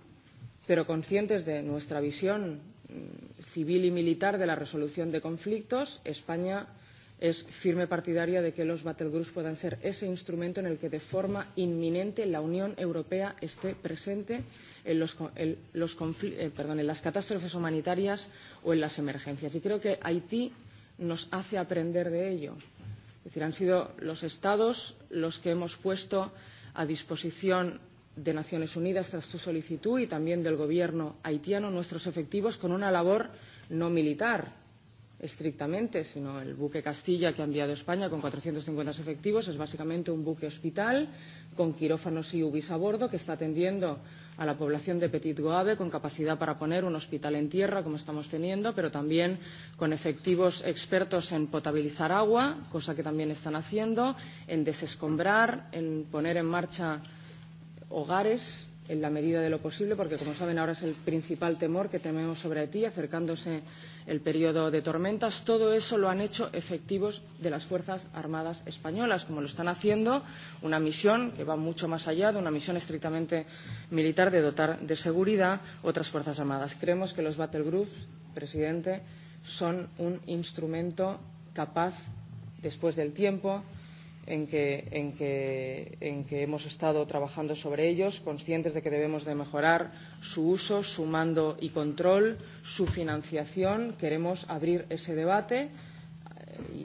pero conscientes de nuestra visión mm, civil y militar de la resolución de conflictos, España es firme partidaria de que los battlegroups puedan ser ese instrumento en el que de forma inminente la Unión Europea esté presente en, los, en, los eh, perdón, en las catástrofes humanitarias o en las emergencias. Y creo que Haití nos hace aprender de ello. Es decir, han sido los Estados los que hemos puesto a disposición de Naciones Unidas tras su solicitud y también del gobierno haitiano nuestros efectivos con una labor no militar estrictamente, sino el buque Castilla que ha enviado España con 450 efectivos es básicamente un buque hospital con quirófanos y UBIs a bordo que está atendiendo a la población de Petit Goave con capacidad para poner un hospital en tierra, como estamos teniendo, pero también con efectivos expertos en potabilizar agua, cosa que también están haciendo, en desescombrar, en poner en marcha hogares en la medida de lo posible, porque como saben ahora es el principal temor que tenemos sobre Haití, acercándose el periodo de tormentas, todo eso lo han hecho efectivos de las Fuerzas Armadas españolas, como lo están haciendo una misión que va mucho más allá de una misión estrictamente militar de dotar de seguridad otras Fuerzas Armadas. Creemos que los battle groups, presidente, son un instrumento capaz, después del tiempo, en que, en, que, en que hemos estado trabajando sobre ellos, conscientes de que debemos de mejorar su uso, su mando y control, su financiación. Queremos abrir ese debate eh,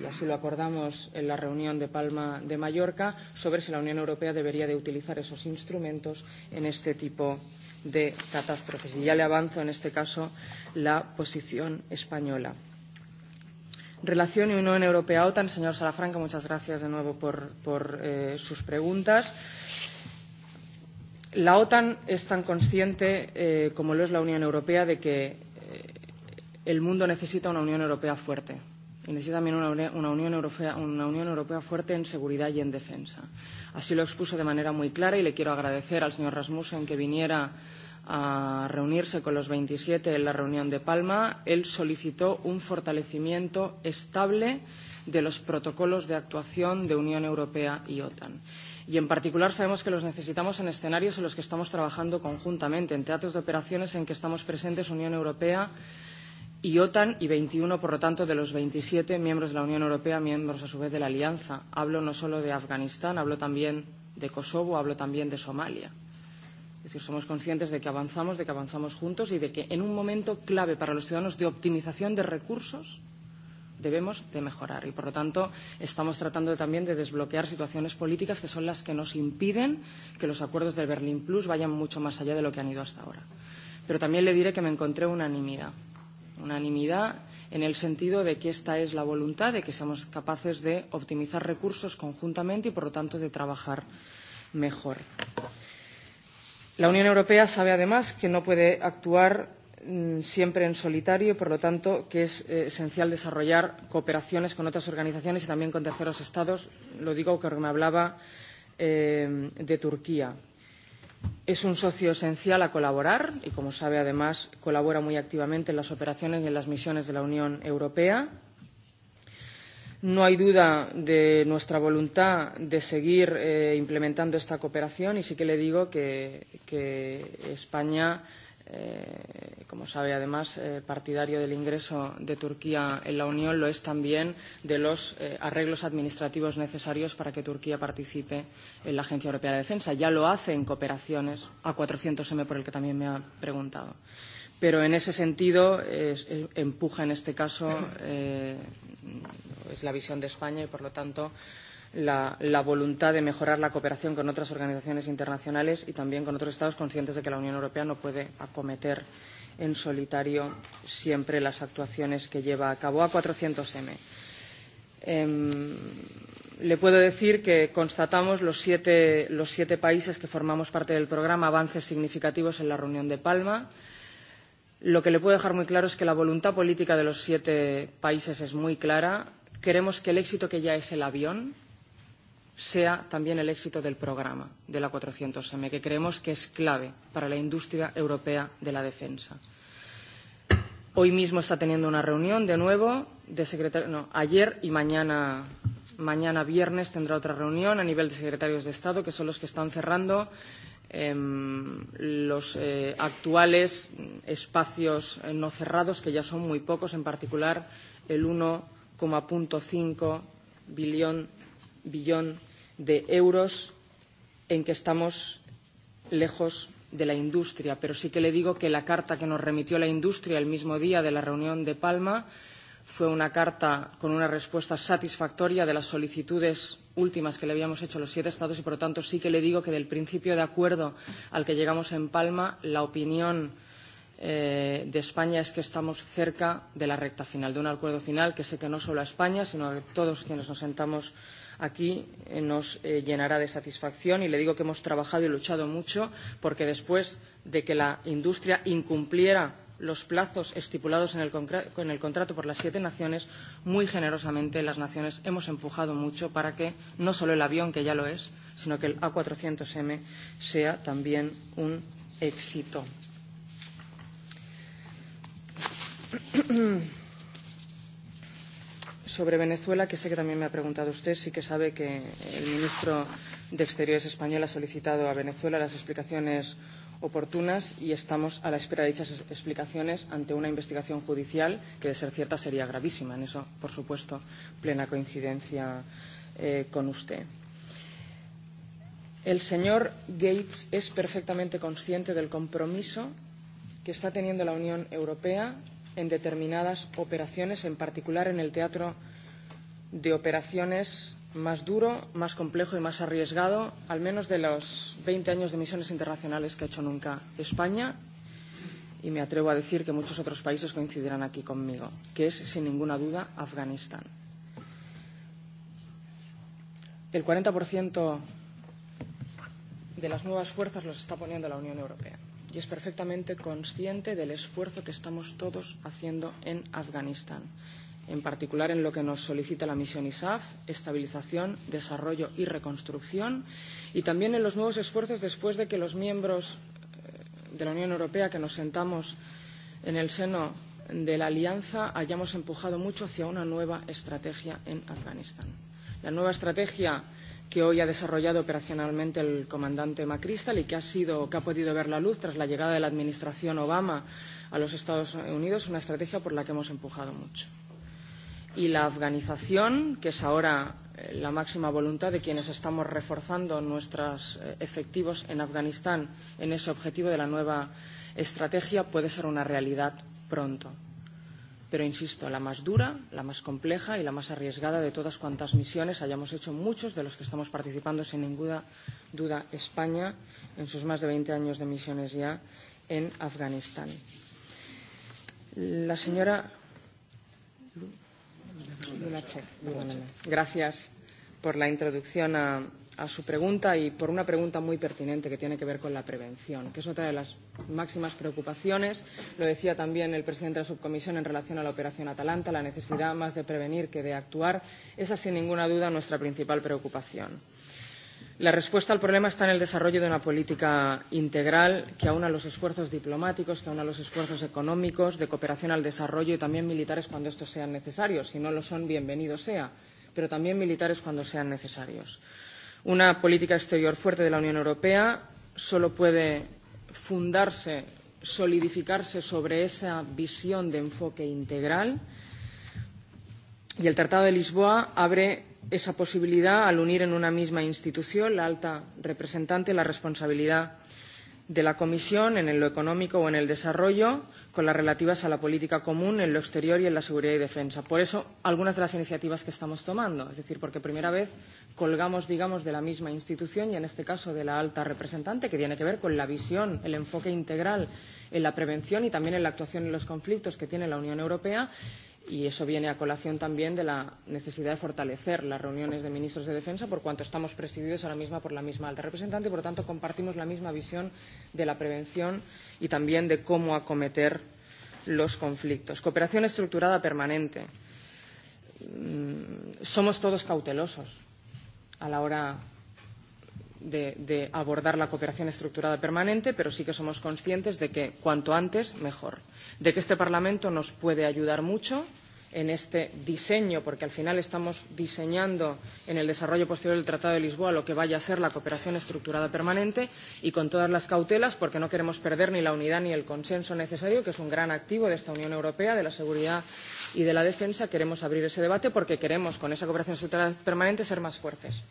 y así lo acordamos en la reunión de Palma de Mallorca sobre si la Unión Europea debería de utilizar esos instrumentos en este tipo de catástrofes. Y ya le avanzo en este caso la posición española. Relación Unión Europea-OTAN, señor Salafranca, muchas gracias de nuevo por, por eh, sus preguntas. La OTAN es tan consciente eh, como lo es la Unión Europea de que eh, el mundo necesita una Unión Europea fuerte y necesita también una, una, Unión Europea, una Unión Europea fuerte en seguridad y en defensa. Así lo expuso de manera muy clara y le quiero agradecer al señor Rasmussen que viniera a reunirse con los 27 en la reunión de Palma, él solicitó un fortalecimiento estable de los protocolos de actuación de Unión Europea y OTAN. Y en particular sabemos que los necesitamos en escenarios en los que estamos trabajando conjuntamente, en teatros de operaciones en que estamos presentes Unión Europea y OTAN y 21, por lo tanto, de los 27 miembros de la Unión Europea, miembros a su vez de la Alianza. Hablo no solo de Afganistán, hablo también de Kosovo, hablo también de Somalia decir, somos conscientes de que avanzamos, de que avanzamos juntos y de que en un momento clave para los ciudadanos de optimización de recursos debemos de mejorar. Y, por lo tanto, estamos tratando también de desbloquear situaciones políticas que son las que nos impiden que los acuerdos del Berlín Plus vayan mucho más allá de lo que han ido hasta ahora. Pero también le diré que me encontré unanimidad. Unanimidad en el sentido de que esta es la voluntad de que seamos capaces de optimizar recursos conjuntamente y, por lo tanto, de trabajar Mejor. La Unión Europea sabe además que no puede actuar mm, siempre en solitario y, por lo tanto, que es eh, esencial desarrollar cooperaciones con otras organizaciones y también con terceros estados. Lo digo porque me hablaba eh, de Turquía. Es un socio esencial a colaborar y, como sabe, además, colabora muy activamente en las operaciones y en las misiones de la Unión Europea No hay duda de nuestra voluntad de seguir eh, implementando esta cooperación y sí que le digo que, que España, eh, como sabe además, eh, partidario del ingreso de Turquía en la Unión, lo es también de los eh, arreglos administrativos necesarios para que Turquía participe en la Agencia Europea de Defensa. Ya lo hace en cooperaciones a 400M, por el que también me ha preguntado. Eh, pero en ese sentido es, es, empuja en este caso eh, es la visión de España y por lo tanto la, la voluntad de mejorar la cooperación con otras organizaciones internacionales y también con otros Estados conscientes de que la Unión Europea no puede acometer en solitario siempre las actuaciones que lleva a cabo a 400M. Eh, le puedo decir que constatamos los siete, los siete países que formamos parte del programa avances significativos en la reunión de Palma. Eh, lo que le puedo dejar muy claro es que la voluntad política de los siete países es muy clara. Queremos que el éxito que ya es el avión sea también el éxito del programa de la 400M, que creemos que es clave para la industria europea de la defensa. Hoy mismo está teniendo una reunión de nuevo de secretario, no, ayer y mañana, mañana viernes tendrá otra reunión a nivel de secretarios de Estado, que son los que están cerrando eh, los eh, actuales espacios eh, no cerrados, que ya son muy pocos, en particular el 1,5 billón, billón de euros en que estamos lejos de la industria. Pero sí que le digo que la carta que nos remitió la industria el mismo día de la reunión de Palma fue una carta con una respuesta satisfactoria de las solicitudes últimas que le habíamos hecho a los siete estados y, por lo tanto, sí que le digo que del principio de acuerdo al que llegamos en Palma, la opinión eh, de España es que estamos cerca de la recta final, de un acuerdo final que sé que no solo a España, sino a todos quienes nos sentamos aquí eh, nos eh, llenará de satisfacción y le digo que hemos trabajado y luchado mucho porque después de que la industria incumpliera los plazos estipulados en el, en el contrato por las siete naciones, muy generosamente las naciones hemos empujado mucho para que no solo el avión, que ya lo es, sino que el A400M sea también un éxito. Sobre Venezuela, que sé que también me ha preguntado usted, sí que sabe que el ministro de Exteriores español ha solicitado a Venezuela las explicaciones oportunas y estamos a la espera de dichas explicaciones ante una investigación judicial que, de ser cierta, sería gravísima. En eso, por supuesto, plena coincidencia eh, con usted. El señor Gates es perfectamente consciente del compromiso que está teniendo la Unión Europea en determinadas operaciones, en particular en el teatro de operaciones más duro, más complejo y más arriesgado, al menos de los 20 años de misiones internacionales que ha hecho nunca España, y me atrevo a decir que muchos otros países coincidirán aquí conmigo, que es, sin ninguna duda, Afganistán. El 40% de las nuevas fuerzas los está poniendo la Unión Europea y es perfectamente consciente del esfuerzo que estamos todos haciendo en Afganistán en particular en lo que nos solicita la misión ISAF, estabilización, desarrollo y reconstrucción, y también en los nuevos esfuerzos después de que los miembros eh, de la Unión Europea que nos sentamos en el seno de la alianza hayamos empujado mucho hacia una nueva estrategia en Afganistán. La nueva estrategia que hoy ha desarrollado operacionalmente el comandante McChrystal y que ha, sido, que ha podido ver la luz tras la llegada de la administración Obama a los Estados Unidos, una estrategia por la que hemos empujado mucho y la afganización, que es ahora eh, la máxima voluntad de quienes estamos reforzando nuestros eh, efectivos en Afganistán en ese objetivo de la nueva estrategia, puede ser una realidad pronto. Pero insisto, la más dura, la más compleja y la más arriesgada de todas cuantas misiones hayamos hecho muchos de los que estamos participando, sin ninguna duda, España en sus más de 20 años de misiones ya en Afganistán. La señora Gracias por la introducción a, a su pregunta y por una pregunta muy pertinente que tiene que ver con la prevención, que es otra de las máximas preocupaciones. Lo decía también el presidente de la subcomisión en relación a la operación Atalanta, la necesidad más de prevenir que de actuar. Esa, sin ninguna duda, nuestra principal preocupación. La respuesta al problema está en el desarrollo de una política integral que aúna los esfuerzos diplomáticos, que aúna los esfuerzos económicos, de cooperación al desarrollo y también militares cuando estos sean necesarios. Si no lo son, bienvenido sea, pero también militares cuando sean necesarios. Una política exterior fuerte de la Unión Europea solo puede fundarse, solidificarse sobre esa visión de enfoque integral. Y el Tratado de Lisboa abre esa posibilidad al unir en una misma institución la alta representante la responsabilidad de la Comisión en lo económico o en el desarrollo, con las relativas a la política común, en lo exterior y en la seguridad y defensa. Por eso, algunas de las iniciativas que estamos tomando, es decir, porque primera vez colgamos, digamos, de la misma institución y en este caso de la alta representante, que tiene que ver con la visión, el enfoque integral en la prevención y también en la actuación en los conflictos que tiene la Unión Europea Y eso viene a colación también de la necesidad de fortalecer las reuniones de ministros de defensa, por cuanto estamos presididos ahora mismo por la misma alta representante y, por tanto, compartimos la misma visión de la prevención y también de cómo acometer los conflictos. Cooperación estructurada permanente. Mm, somos todos cautelosos a la hora de, de abordar la cooperación estructurada permanente, pero sí que somos conscientes de que cuanto antes, mejor. De que este Parlamento nos puede ayudar mucho en este diseño, porque al final estamos diseñando en el desarrollo posterior del Tratado de Lisboa lo que vaya a ser la cooperación estructurada permanente y con todas las cautelas, porque no queremos perder ni la unidad ni el consenso necesario, que es un gran activo de esta Unión Europea, de la seguridad y de la defensa. Queremos abrir ese debate porque queremos, con esa cooperación estructurada permanente, ser más fuertes.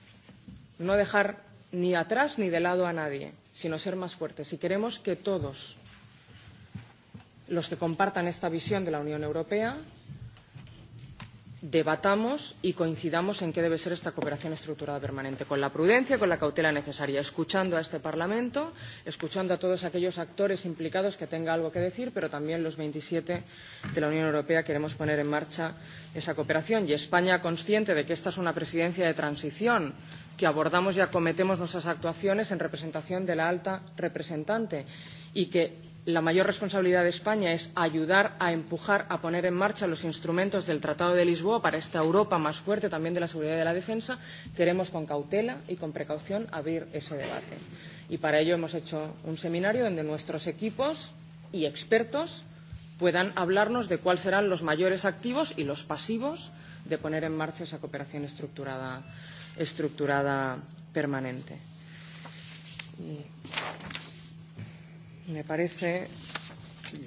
No dejar ni atrás ni de lado a nadie, sino ser más fuertes. Y queremos que todos los que compartan esta visión de la Unión Europea debatamos y coincidamos en qué debe ser esta cooperación estructurada permanente, con la prudencia, con la cautela necesaria, escuchando a este Parlamento, escuchando a todos aquellos actores implicados que tenga algo que decir, pero también los 27 de la Unión Europea queremos poner en marcha esa cooperación. Y España, consciente de que esta es una presidencia de transición, que abordamos y acometemos nuestras actuaciones en representación de la alta representante y que la mayor responsabilidad de España es ayudar a empujar a poner en marcha los instrumentos del Tratado de Lisboa para esta Europa más fuerte también de la seguridad y de la defensa, queremos con cautela y con precaución abrir ese debate. Y para ello hemos hecho un seminario donde nuestros equipos y expertos puedan hablarnos de cuáles serán los mayores activos y los pasivos de poner en marcha esa cooperación estructurada estructurada permanente. Me parece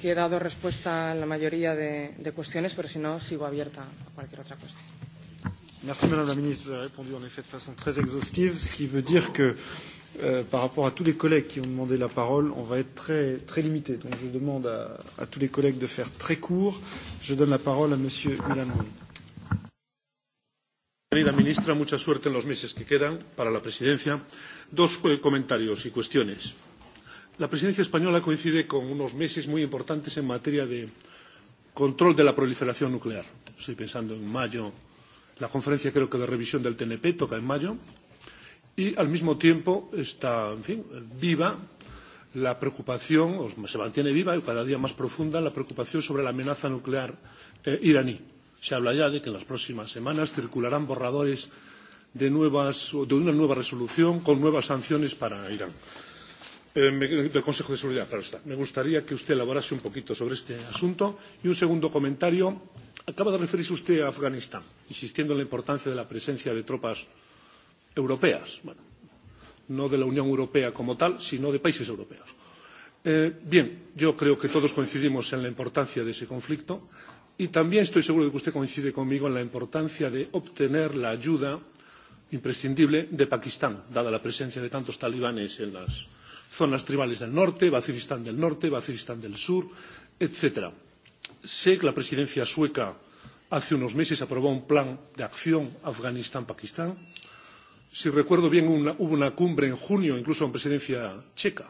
que he dado respuesta a la mayoría de, de cuestiones, pero si no, sigo abierta a cualquier otra cuestión. Merci Madame la Ministre, vous avez répondu en effet de façon très exhaustive, ce qui veut dire que euh, par rapport à tous les collègues qui ont demandé la parole, on va être très, très limité. Donc je demande à, à tous les collègues de faire très court. Je donne la parole à Monsieur Milan. -Moui. Querida ministra, mucha suerte en los meses que quedan para la presidencia. Dos eh, comentarios y cuestiones. La presidencia española coincide con unos meses muy importantes en materia de control de la proliferación nuclear. Estoy pensando en mayo, la conferencia creo que de revisión del TNP toca en mayo. Y al mismo tiempo está, en fin, viva la preocupación, o se mantiene viva y cada día más profunda, la preocupación sobre la amenaza nuclear eh, iraní Se habla ya de que en las próximas semanas circularán borradores de, nuevas, de una nueva resolución con nuevas sanciones para Irán. Eh, del Consejo de Seguridad, claro está. Me gustaría que usted elaborase un poquito sobre este asunto. Y un segundo comentario. Acaba de referirse usted a Afganistán, insistiendo en la importancia de la presencia de tropas europeas. Bueno, no de la Unión Europea como tal, sino de países europeos. Eh, bien, yo creo que todos coincidimos en la importancia de ese conflicto. Y también estoy seguro de que usted coincide conmigo en la importancia de obtener la ayuda imprescindible de Pakistán, dada la presencia de tantos talibanes en las zonas tribales del norte, Baziristán del norte, Baziristán del sur, etc. Sé que la presidencia sueca hace unos meses aprobó un plan de acción Afganistán-Pakistán. Si recuerdo bien, una, hubo una cumbre en junio, incluso con presidencia checa,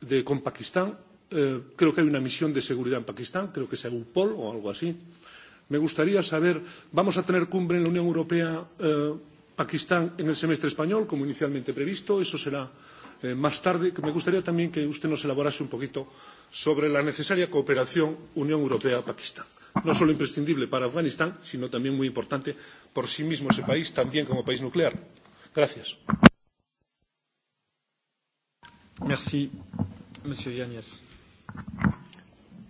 de, con Pakistán, Eh, creo que hay una misión de seguridad en Pakistán, creo que es EUPOL o algo así. Me gustaría saber, ¿vamos a tener cumbre en la Unión Europea eh, Pakistán en el semestre español, como inicialmente previsto? Eso será eh, más tarde. Me gustaría también que usted nos elaborase un poquito sobre la necesaria cooperación Unión Europea-Pakistán. No solo imprescindible para Afganistán, sino también muy importante por sí mismo ese país, también como país nuclear. Gracias. Merci, Monsieur Yáñez.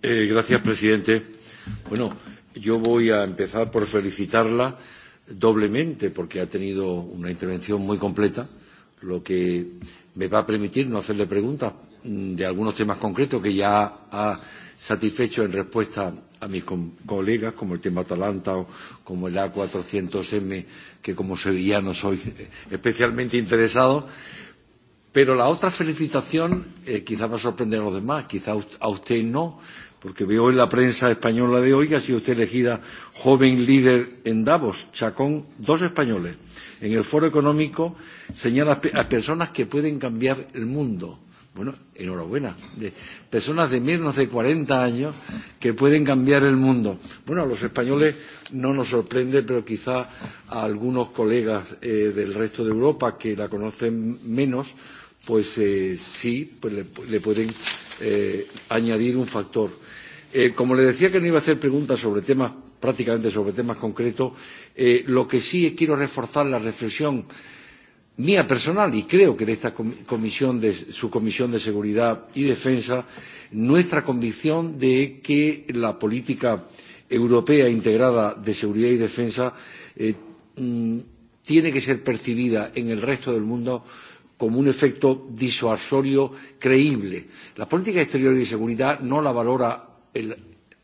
Eh, señor presidente. Bueno, yo voy a empezar por felicitarla doblemente porque ha tenido una intervención muy completa, lo que me va a permitir no hacerle preguntas mm, de algunos temas concretos que ya ha satisfecho en respuesta a mis colegas, como el tema Atalanta o como el A400M, que como sevillano soy especialmente interesado, Pero la otra felicitación, eh, quizá va a sorprender a los demás, quizá a usted no, porque veo en la prensa española de hoy que ha sido usted elegida joven líder en Davos, Chacón, dos españoles. En el foro económico señala a personas que pueden cambiar el mundo. Bueno, enhorabuena. De personas de menos de 40 años que pueden cambiar el mundo. Bueno, a los españoles no nos sorprende, pero quizá a algunos colegas eh, del resto de Europa que la conocen menos, pues eh, sí, pues le, le pueden eh, añadir un factor. Eh, como le decía que no iba a hacer preguntas sobre temas, prácticamente sobre temas concretos, eh, lo que sí quiero reforzar la reflexión mía personal y creo que de esta comisión, de su comisión de seguridad y defensa, nuestra convicción de que la política europea integrada de seguridad y defensa eh, mm, tiene que ser percibida en el resto del mundo eh, como un efecto disuasorio creíble. La política exterior y de seguridad no la valora el,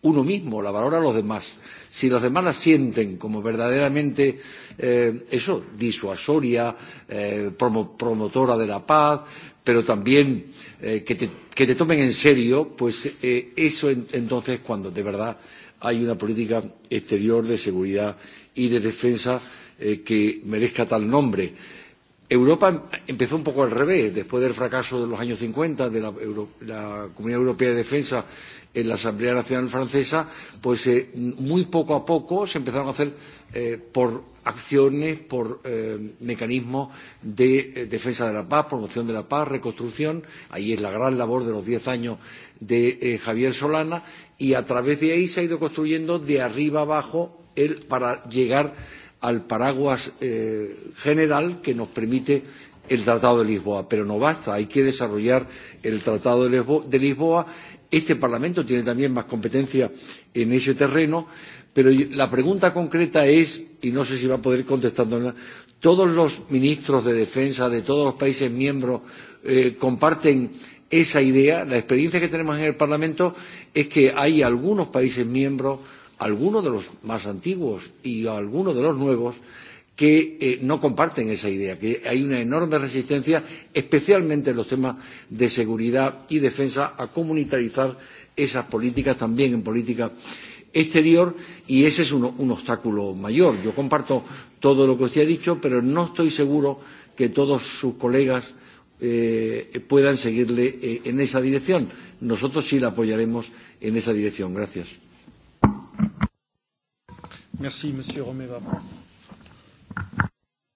uno mismo, la valora los demás. Si los demás la sienten como verdaderamente eh, eso, disuasoria, eh, promo, promotora de la paz, pero también eh, que, te, que te tomen en serio, pues eh, eso en, entonces cuando de verdad hay una política exterior de seguridad y de defensa eh, que merezca tal nombre. Europa empezó un poco al revés, después del fracaso de los años 50 de la, Euro, la Comunidad Europea de Defensa en la Asamblea Nacional Francesa, pues eh, muy poco a poco se empezaron a hacer eh, por acciones, por eh, mecanismos de eh, defensa de la paz, promoción de la paz, reconstrucción. Ahí es la gran labor de los diez años de eh, Javier Solana y a través de ahí se ha ido construyendo de arriba abajo el, para llegar al paraguas eh, general que nos permite el Tratado de Lisboa. Pero no basta, hay que desarrollar el Tratado de Lisboa. De Lisboa. Este Parlamento tiene también más competencia en ese terreno, pero la pregunta concreta es, y no sé si va a poder contestándola, ¿todos los ministros de defensa de todos los países miembros eh, comparten esa idea? La experiencia que tenemos en el Parlamento es que hay algunos países miembros algunos de los más antiguos y algunos de los nuevos, que eh, no comparten esa idea, que hay una enorme resistencia, especialmente en los temas de seguridad y defensa, a comunitarizar esas políticas también en política exterior y ese es un, un obstáculo mayor. Yo comparto todo lo que usted ha dicho, pero no estoy seguro que todos sus colegas eh, puedan seguirle eh, en esa dirección. Nosotros sí la apoyaremos en esa dirección. Gracias. Merci, Monsieur Romeva.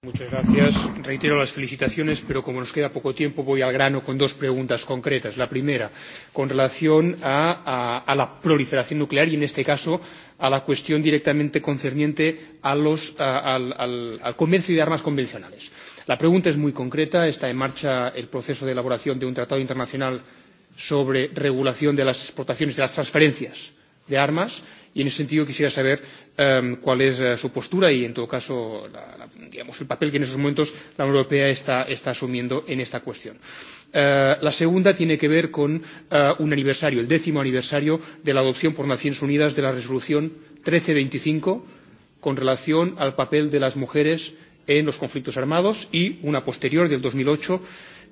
Muchas gracias. Reitero las felicitaciones, pero como nos queda poco tiempo, voy al grano con dos preguntas concretas. La primera, con relación a, a, a la proliferación nuclear y, en este caso, a la cuestión directamente concerniente a los, a, al, al, al comercio de armas convencionales. La pregunta es muy concreta. Está en marcha el proceso de elaboración de un tratado internacional sobre regulación de las exportaciones de las transferencias de armas y en ese sentido quisiera saber um, cuál es uh, su postura y, en todo caso, la, la, digamos, el papel que en esos momentos la Unión Europea está, está asumiendo en esta cuestión. Uh, la segunda tiene que ver con uh, un aniversario, el décimo aniversario de la adopción por Naciones Unidas de la resolución 1325 con relación al papel de las mujeres en los conflictos armados y una posterior del 2008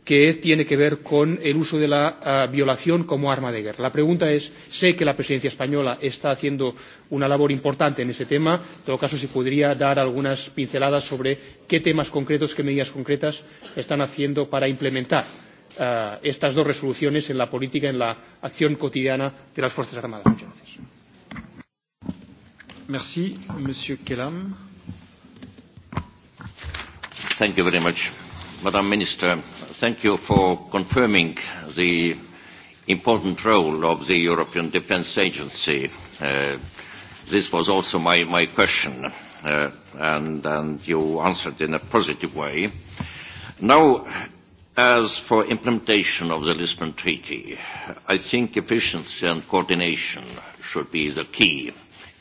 que tiene que ver con el uso de la uh, violación como arma de guerra. La pregunta es, sé que la presidencia española está haciendo una labor importante en ese tema, en todo caso, si podría dar algunas pinceladas sobre qué temas concretos, qué medidas concretas están haciendo para implementar uh, estas dos resoluciones en la política, en la acción cotidiana de las Fuerzas Armadas. Muchas gracias. Merci, Monsieur Kelam. Thank you very much. Madam Minister, thank you for confirming the important role of the European Defence Agency. Uh, this was also my, my question, uh, and, and you answered in a positive way. Now, as for implementation of the Lisbon Treaty, I think efficiency and coordination should be the key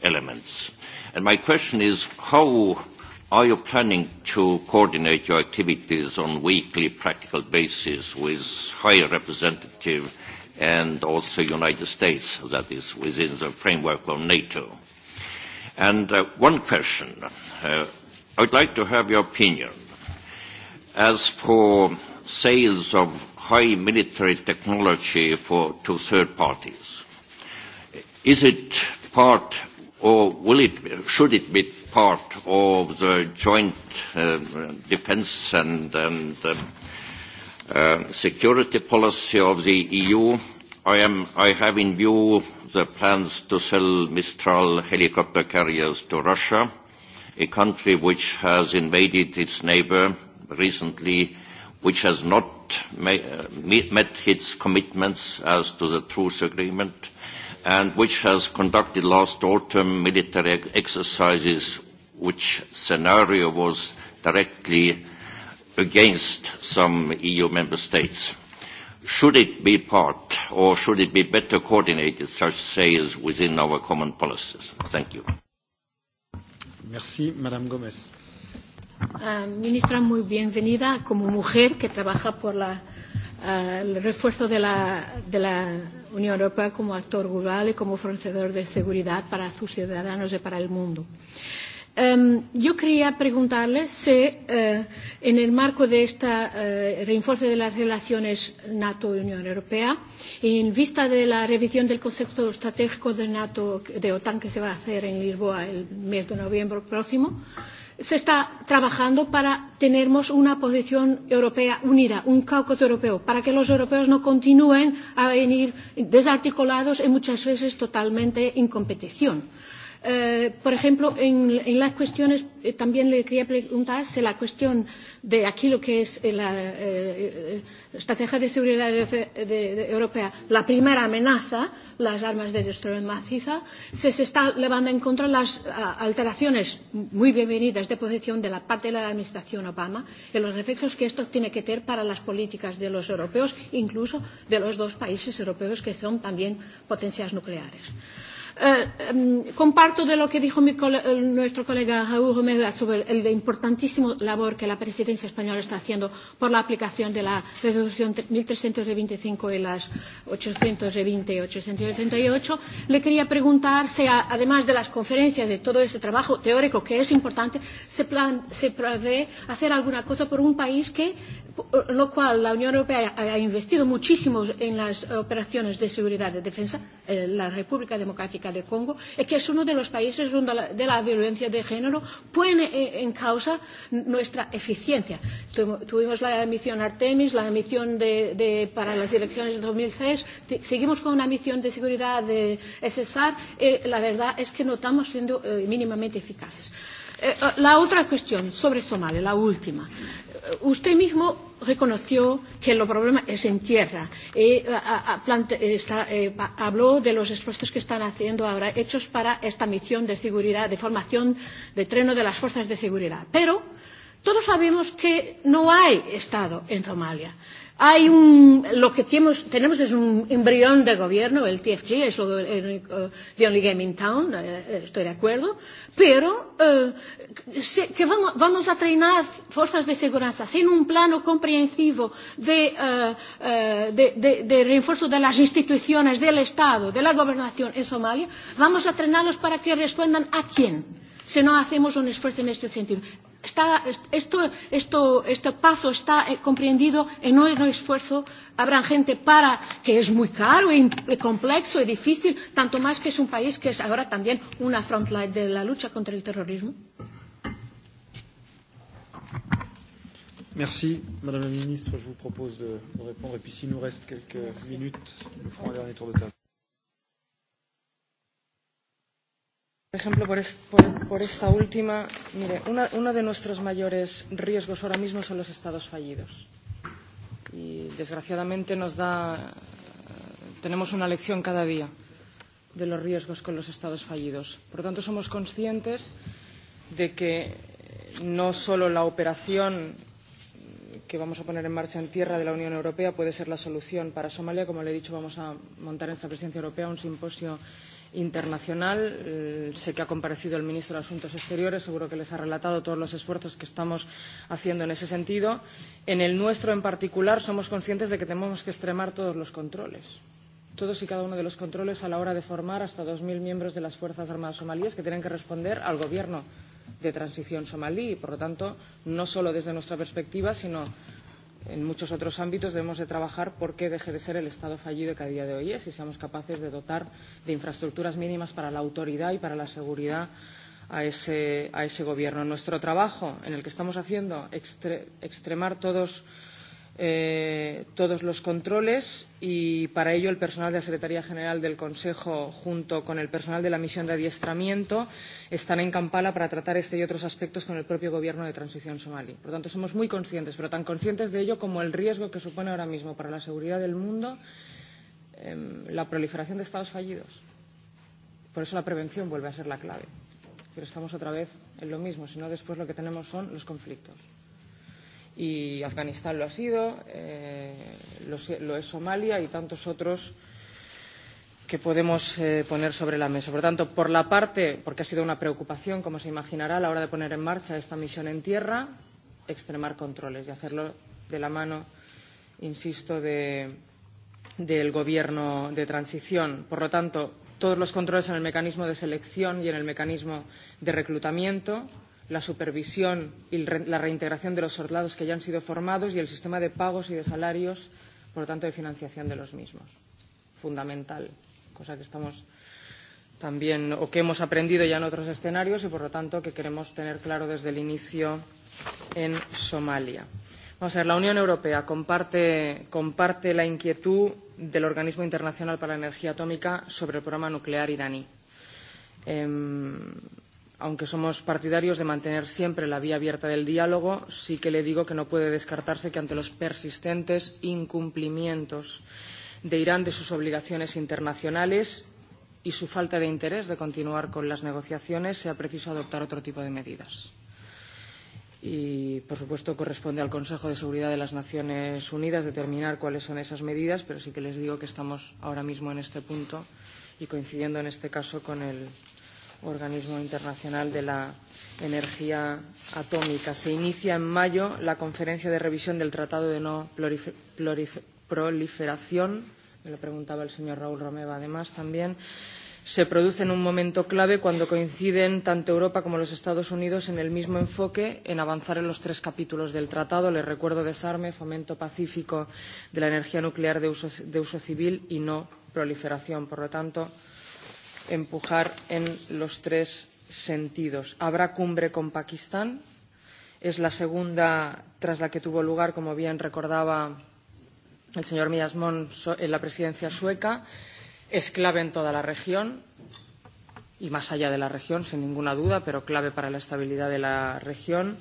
elements. And my question is, how are you planning to coordinate your activities on weekly practical basis with High Representative and also United States, that is within the framework of NATO? And uh, one question. Uh, I would like to have your opinion. As for sales of high military technology for, to third parties, is it part or will it, should it be part of the joint uh, um, defence and, and uh, uh, security policy of the EU? I, am, I have in view the plans to sell Mistral helicopter carriers to Russia, a country which has invaded its neighbour recently, which has not uh, met its commitments as to the truce agreement, uh, and which has conducted last autumn military exercises which scenario was directly against some EU member states. Should it be part or should it be better coordinated, such sales, within our common policies? Thank you. Merci, Madame Gomez. Uh, ministra, muy bienvenida como mujer que trabaja por la el refuerzo de la, de la Unión Europea como actor global y como ofrecedor de seguridad para sus ciudadanos y para el mundo. Um, yo quería preguntarle si, uh, en el marco de este uh, reinforce de las relaciones NATO-Unión Europea, en vista de la revisión del concepto estratégico de NATO de OTAN que se va a hacer en Lisboa el mes de noviembre próximo, uh, se está trabajando para tener una posición europea unida, un caucus europeo, para que los europeos no continúen a venir desarticulados y muchas veces totalmente en competición. Eh, por ejemplo, en, en las cuestiones, eh, también le quería preguntar si la cuestión eh, de aquí lo que es eh, la eh, estrategia de seguridad de, de, de europea, la primera amenaza, las armas de destrucción maciza, se, se está levando en contra las a, alteraciones muy bienvenidas de posición de la parte de la administración Obama y los efectos que esto tiene que tener para las políticas de los europeos, incluso de los dos países europeos que son también potencias nucleares. Eh, Eh, comparto de lo que dijo mi cole, eh, nuestro colega Raúl Romero sobre el, importantísimo labor que la presidencia española está haciendo por la aplicación de la resolución 1325 y las 820 y 888. Le quería preguntar si, además de las conferencias, de todo ese trabajo teórico que es importante, se, plan, se prevé hacer alguna cosa por un país que por lo cual la Unión Europea ha investido muchísimo en las operaciones de seguridad y de defensa, eh, la República Democrática de Congo, es que es uno de los países donde la, de la violencia de género pone en causa nuestra eficiencia. Tu, tuvimos la misión Artemis, la misión de, de, para las elecciones de 2006, seguimos con una misión de seguridad de SSAR, eh, la verdad es que no estamos siendo eh, mínimamente eficaces. Eh, la otra cuestión sobre Somalia, la última usted mismo reconoció que el problema es en tierra. Eh, a, a, plante, está, eh, habló de los esfuerzos que están haciendo ahora hechos para esta misión de seguridad, de formación de treno de las fuerzas de seguridad. Pero todos sabemos que no hay Estado en Somalia. Hay un, lo que tenemos, tenemos es un embrión de gobierno, el TFG, es lo, el, uh, eh, the only game in town, eh, eh, estoy de acuerdo, pero eh, se, que vamos, vamos a treinar fuerzas de seguridad sin un plano comprensivo de, eh, uh, uh, de, de, de refuerzo de las instituciones, del Estado, de la gobernación en Somalia, vamos a treinarlos para que respondan a quién si no hacemos un esfuerzo en este sentido. Está, esto, esto, este paso está eh, comprendido en un esfuerzo. Habrá gente para que es muy caro y, complejo y difícil, tanto más que es un país que es ahora también una frontline de la lucha contra el terrorismo. Merci. Madame la Ministre, je vous propose de répondre. Et puis s'il nous reste quelques minutes, nous ferons un dernier tour de table. Por ejemplo, por, es, por, por esta última, mire, una, uno de nuestros mayores riesgos ahora mismo son los estados fallidos. Y desgraciadamente nos da, tenemos una lección cada día de los riesgos con los estados fallidos. Por lo tanto, somos conscientes de que no solo la operación que vamos a poner en marcha en tierra de la Unión Europea puede ser la solución para Somalia. Como le he dicho, vamos a montar en esta presidencia europea un simposio internacional. Eh, sé que ha comparecido el ministro de Asuntos Exteriores, seguro que les ha relatado todos los esfuerzos que estamos haciendo en ese sentido. En el nuestro en particular somos conscientes de que tenemos que extremar todos los controles todos y cada uno de los controles a la hora de formar hasta 2.000 miembros de las Fuerzas Armadas somalíes que tienen que responder al gobierno de transición somalí y, por lo tanto, no solo desde nuestra perspectiva, sino en muchos otros ámbitos debemos de trabajar por qué deje de ser el Estado fallido que a día de hoy es y seamos capaces de dotar de infraestructuras mínimas para la autoridad y para la seguridad a ese, a ese gobierno. Nuestro trabajo en el que estamos haciendo extre, extremar todos eh, todos los controles y para ello el personal de la Secretaría General del Consejo junto con el personal de la misión de adiestramiento están en Kampala para tratar este y otros aspectos con el propio gobierno de transición somalí. Por lo tanto, somos muy conscientes, pero tan conscientes de ello como el riesgo que supone ahora mismo para la seguridad del mundo eh, la proliferación de estados fallidos. Por eso la prevención vuelve a ser la clave. Pero estamos otra vez en lo mismo, si no después lo que tenemos son los conflictos y Afganistán lo ha sido, eh, lo, lo es Somalia y tantos otros que podemos eh, poner sobre la mesa. Por tanto, por la parte, porque ha sido una preocupación, como se imaginará, a la hora de poner en marcha esta misión en tierra, extremar controles y hacerlo de la mano, insisto, de, del Gobierno de transición. Por lo tanto, todos los controles en el mecanismo de selección y en el mecanismo de reclutamiento, la supervisión y la reintegración de los soldados que ya han sido formados y el sistema de pagos y de salarios, por lo tanto, de financiación de los mismos. Fundamental, cosa que estamos también o que hemos aprendido ya en otros escenarios y, por lo tanto, que queremos tener claro desde el inicio en Somalia. Vamos a ver, la Unión Europea comparte, comparte la inquietud del Organismo Internacional para la Energía Atómica sobre el programa nuclear iraní. Eh, aunque somos partidarios de mantener siempre la vía abierta del diálogo, sí que le digo que no puede descartarse que ante los persistentes incumplimientos de Irán de sus obligaciones internacionales y su falta de interés de continuar con las negociaciones, sea preciso adoptar otro tipo de medidas. Y, por supuesto, corresponde al Consejo de Seguridad de las Naciones Unidas determinar cuáles son esas medidas, pero sí que les digo que estamos ahora mismo en este punto y coincidiendo en este caso con el Organismo Internacional de la Energía Atómica. Se inicia en mayo la conferencia de revisión del Tratado de No Proliferación, me lo preguntaba el señor Raúl Romeva además también, se produce en un momento clave cuando coinciden tanto Europa como los Estados Unidos en el mismo enfoque en avanzar en los tres capítulos del tratado. Les recuerdo desarme, fomento pacífico de la energía nuclear de uso, de uso civil y no proliferación. Por lo tanto, empujar en los tres sentidos. Habrá cumbre con Pakistán. Es la segunda tras la que tuvo lugar, como bien recordaba el señor Miasmón, en la presidencia sueca. Es clave en toda la región y más allá de la región, sin ninguna duda, pero clave para la estabilidad de la región.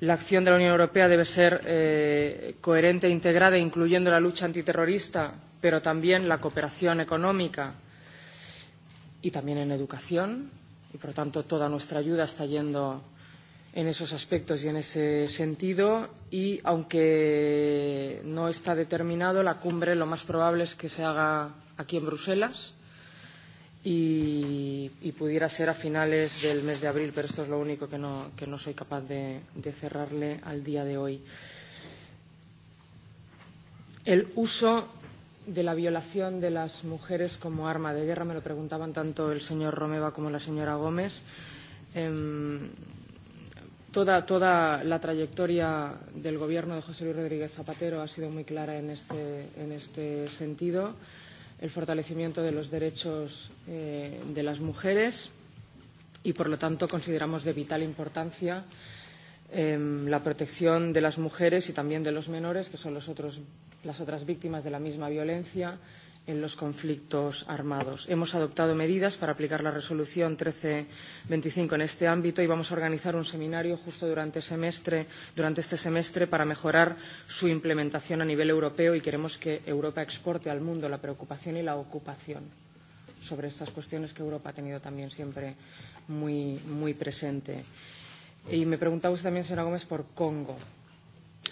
La acción de la Unión Europea debe ser eh, coherente e integrada, incluyendo la lucha antiterrorista, pero también la cooperación económica, y también en educación. Y, por tanto, toda nuestra ayuda está yendo en esos aspectos y en ese sentido. Y, aunque no está determinado, la cumbre lo más probable es que se haga aquí en Bruselas y, y pudiera ser a finales del mes de abril, pero esto es lo único que no, que no soy capaz de, de cerrarle al día de hoy. El uso de la violación de las mujeres como arma de guerra. Me lo preguntaban tanto el señor Romeva como la señora Gómez. Eh, toda, toda la trayectoria del gobierno de José Luis Rodríguez Zapatero ha sido muy clara en este, en este sentido. El fortalecimiento de los derechos eh, de las mujeres y, por lo tanto, consideramos de vital importancia eh, la protección de las mujeres y también de los menores, que son los otros las otras víctimas de la misma violencia en los conflictos armados. Hemos adoptado medidas para aplicar la resolución 1325 en este ámbito y vamos a organizar un seminario justo durante, semestre, durante este semestre para mejorar su implementación a nivel europeo y queremos que Europa exporte al mundo la preocupación y la ocupación sobre estas cuestiones que Europa ha tenido también siempre muy, muy presente. Y me preguntaba usted también, señora Gómez, por Congo.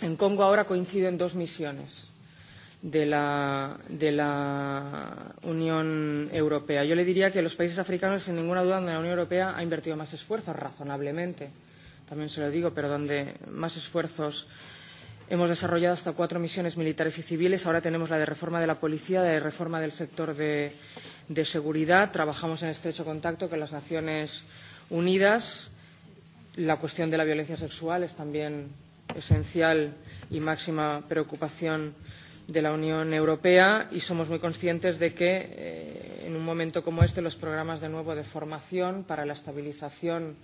En Congo ahora coinciden dos misiones de la, de la Unión Europea. Yo le diría que los países africanos, sin ninguna duda, donde la Unión Europea ha invertido más esfuerzos, razonablemente, también se lo digo, pero donde más esfuerzos hemos desarrollado hasta cuatro misiones militares y civiles. Ahora tenemos la de reforma de la policía, la de reforma del sector de, de seguridad. Trabajamos en estrecho contacto con las Naciones Unidas. La cuestión de la violencia sexual es también esencial y máxima preocupación de la Unión Europea y somos muy conscientes de que eh, en un momento como este los programas de nuevo de formación para la estabilización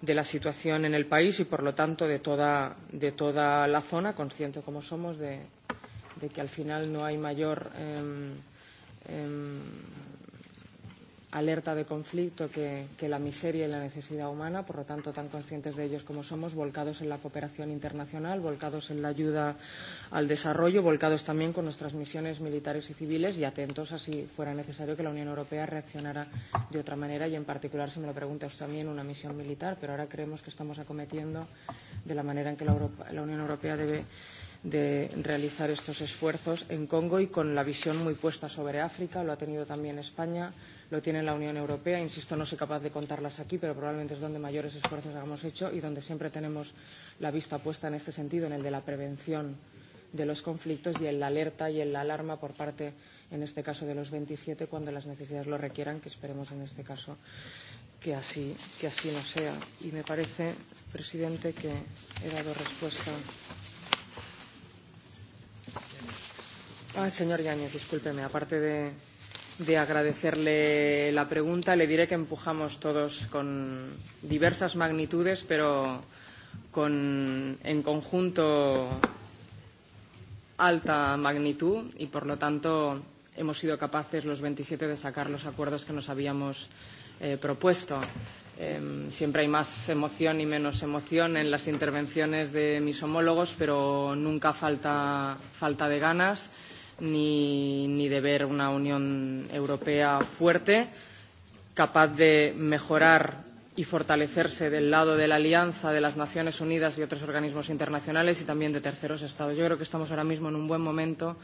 de la situación en el país y por lo tanto de toda, de toda la zona, conscientes como somos de, de que al final no hay mayor eh, eh, alerta de conflicto que, que la miseria y la necesidad humana, por lo tanto, tan conscientes de ellos como somos, volcados en la cooperación internacional, volcados en la ayuda al desarrollo, volcados también con nuestras misiones militares y civiles y atentos a si fuera necesario que la Unión Europea reaccionara de otra manera y, en particular, si me lo pregunta usted también, una misión militar. Pero ahora creemos que estamos acometiendo de la manera en que la, Europa, la Unión Europea debe de realizar estos esfuerzos en Congo y con la visión muy puesta sobre África, lo ha tenido también España lo tiene la Unión Europea. Insisto, no soy capaz de contarlas aquí, pero probablemente es donde mayores esfuerzos hemos hecho y donde siempre tenemos la vista puesta en este sentido, en el de la prevención de los conflictos y en la alerta y en la alarma por parte, en este caso, de los 27 cuando las necesidades lo requieran, que esperemos en este caso que así, que así no sea. Y me parece, presidente, que he dado respuesta. Ah, señor Yáñez, discúlpeme, aparte de, de agradecerle la pregunta. Le diré que empujamos todos con diversas magnitudes, pero con, en conjunto alta magnitud y, por lo tanto, hemos sido capaces los 27 de sacar los acuerdos que nos habíamos eh, propuesto. Eh, siempre hay más emoción y menos emoción en las intervenciones de mis homólogos, pero nunca falta, falta de ganas ni, ni de ver una Unión Europea fuerte, capaz de mejorar y fortalecerse del lado de la alianza de las Naciones Unidas y otros organismos internacionales y también de terceros estados. Yo creo que estamos ahora mismo en un buen momento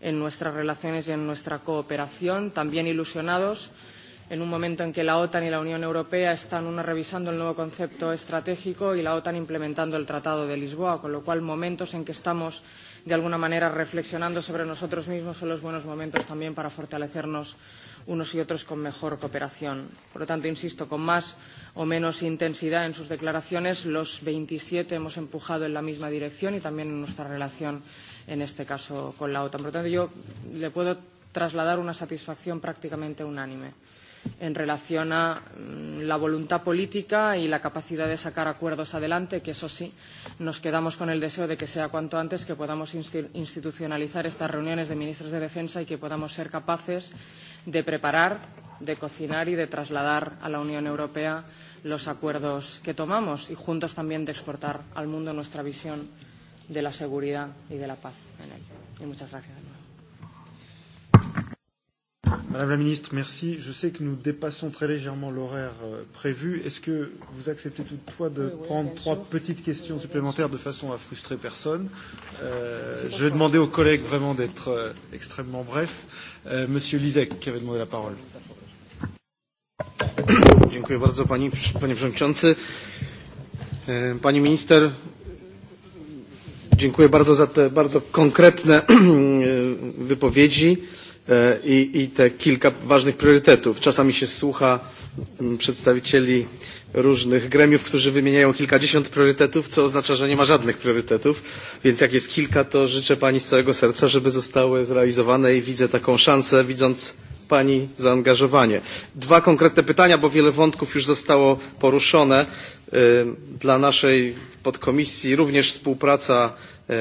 en nuestras relaciones y en nuestra cooperación, también ilusionados en un momento en que la OTAN y la Unión Europea están una revisando el nuevo concepto estratégico y la OTAN implementando el Tratado de Lisboa, con lo cual momentos en que estamos de alguna manera reflexionando sobre nosotros mismos son los buenos momentos también para fortalecernos unos y otros con mejor cooperación. Por lo tanto, insisto, con más o menos intensidad en sus declaraciones, los 27 hemos empujado en la misma dirección y también en nuestra relación, en este caso, con la OTAN. Por lo tanto, yo le puedo trasladar una satisfacción prácticamente unánime en relación a mm, la voluntad política y la capacidad de sacar acuerdos adelante, que eso sí, nos quedamos con el deseo de que sea cuanto antes, que podamos institucionalizar estas reuniones de ministros de defensa y que podamos ser capaces de preparar, de cocinar y de trasladar a la Unión Europea los acuerdos que tomamos y juntos también de exportar al mundo nuestra visión de la seguridad y de la paz en él. Y muchas gracias. Madame la ministre, merci. Je sais que nous dépassons très légèrement l'horaire euh, prévu. Est-ce que vous acceptez toutefois de oui, oui, prendre trois sûr. petites questions oui, supplémentaires de façon à frustrer personne euh, Je vais demander aux collègues vraiment d'être euh, extrêmement brefs. Euh, Monsieur Lisek qui avait demandé la parole. Dziękuję bardzo pani, panie przewodniczący. E, pani minister, dziękuję bardzo za te bardzo konkretne e, wypowiedzi. E, i, i te kilka ważnych priorytetów. Czasami się słucha mm, przedstawicieli różnych gremiów, którzy wymieniają kilkadziesiąt priorytetów, co oznacza, że nie ma żadnych priorytetów. Więc jak jest kilka, to życzę Pani z całego serca, żeby zostały zrealizowane i widzę taką szansę, widząc Pani zaangażowanie. Dwa konkretne pytania, bo wiele wątków już zostało poruszone. E, dla naszej podkomisji również współpraca e,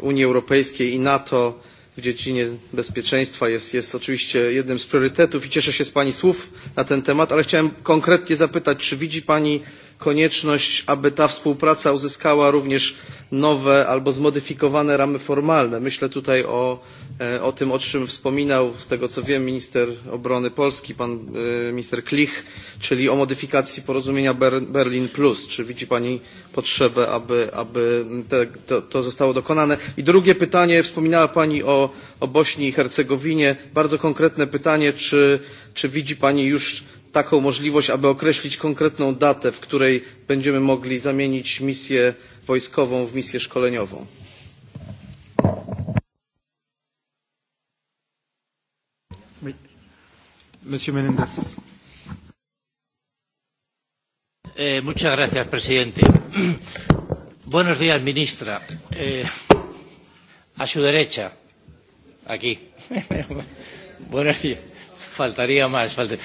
Unii Europejskiej i NATO w dziedzinie bezpieczeństwa jest, jest oczywiście jednym z priorytetów i cieszę się z Pani słów na ten temat, ale chciałem konkretnie zapytać, czy widzi Pani konieczność, aby ta współpraca uzyskała również nowe albo zmodyfikowane ramy formalne. Myślę tutaj o, e, o tym, o czym wspominał, z tego co wiem, minister obrony Polski, pan e, minister Klich, czyli o modyfikacji porozumienia Berlin Plus. Czy widzi pani potrzebę, aby, aby te, to, to zostało dokonane? I drugie pytanie, wspominała pani o, o Bośni i Hercegowinie. Bardzo konkretne pytanie, czy, czy widzi pani już taką możliwość, aby określić konkretną datę, w której będziemy mogli zamienić misję wojskową w misję szkoleniową. Monsieur Menendez. Eh, muchas gracias, presidente. Buenos días, ministra. Eh, a su derecha, aquí. Buenos días. Faltaría más. Faltaría.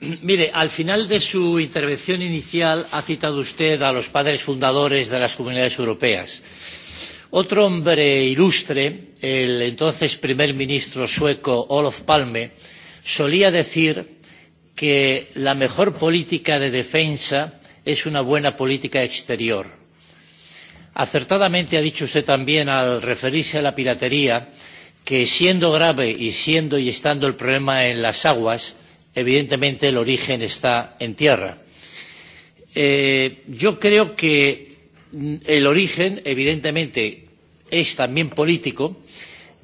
Mire, al final de su intervención inicial ha citado usted a los padres fundadores de las comunidades europeas. Otro hombre ilustre, el entonces primer ministro sueco Olof Palme, solía decir que la mejor política de defensa es una buena política exterior. Acertadamente ha dicho usted también al referirse a la piratería que siendo grave y siendo y estando el problema en las aguas, evidentemente el origen está en tierra. Eh, yo creo que el origen, evidentemente, es también político,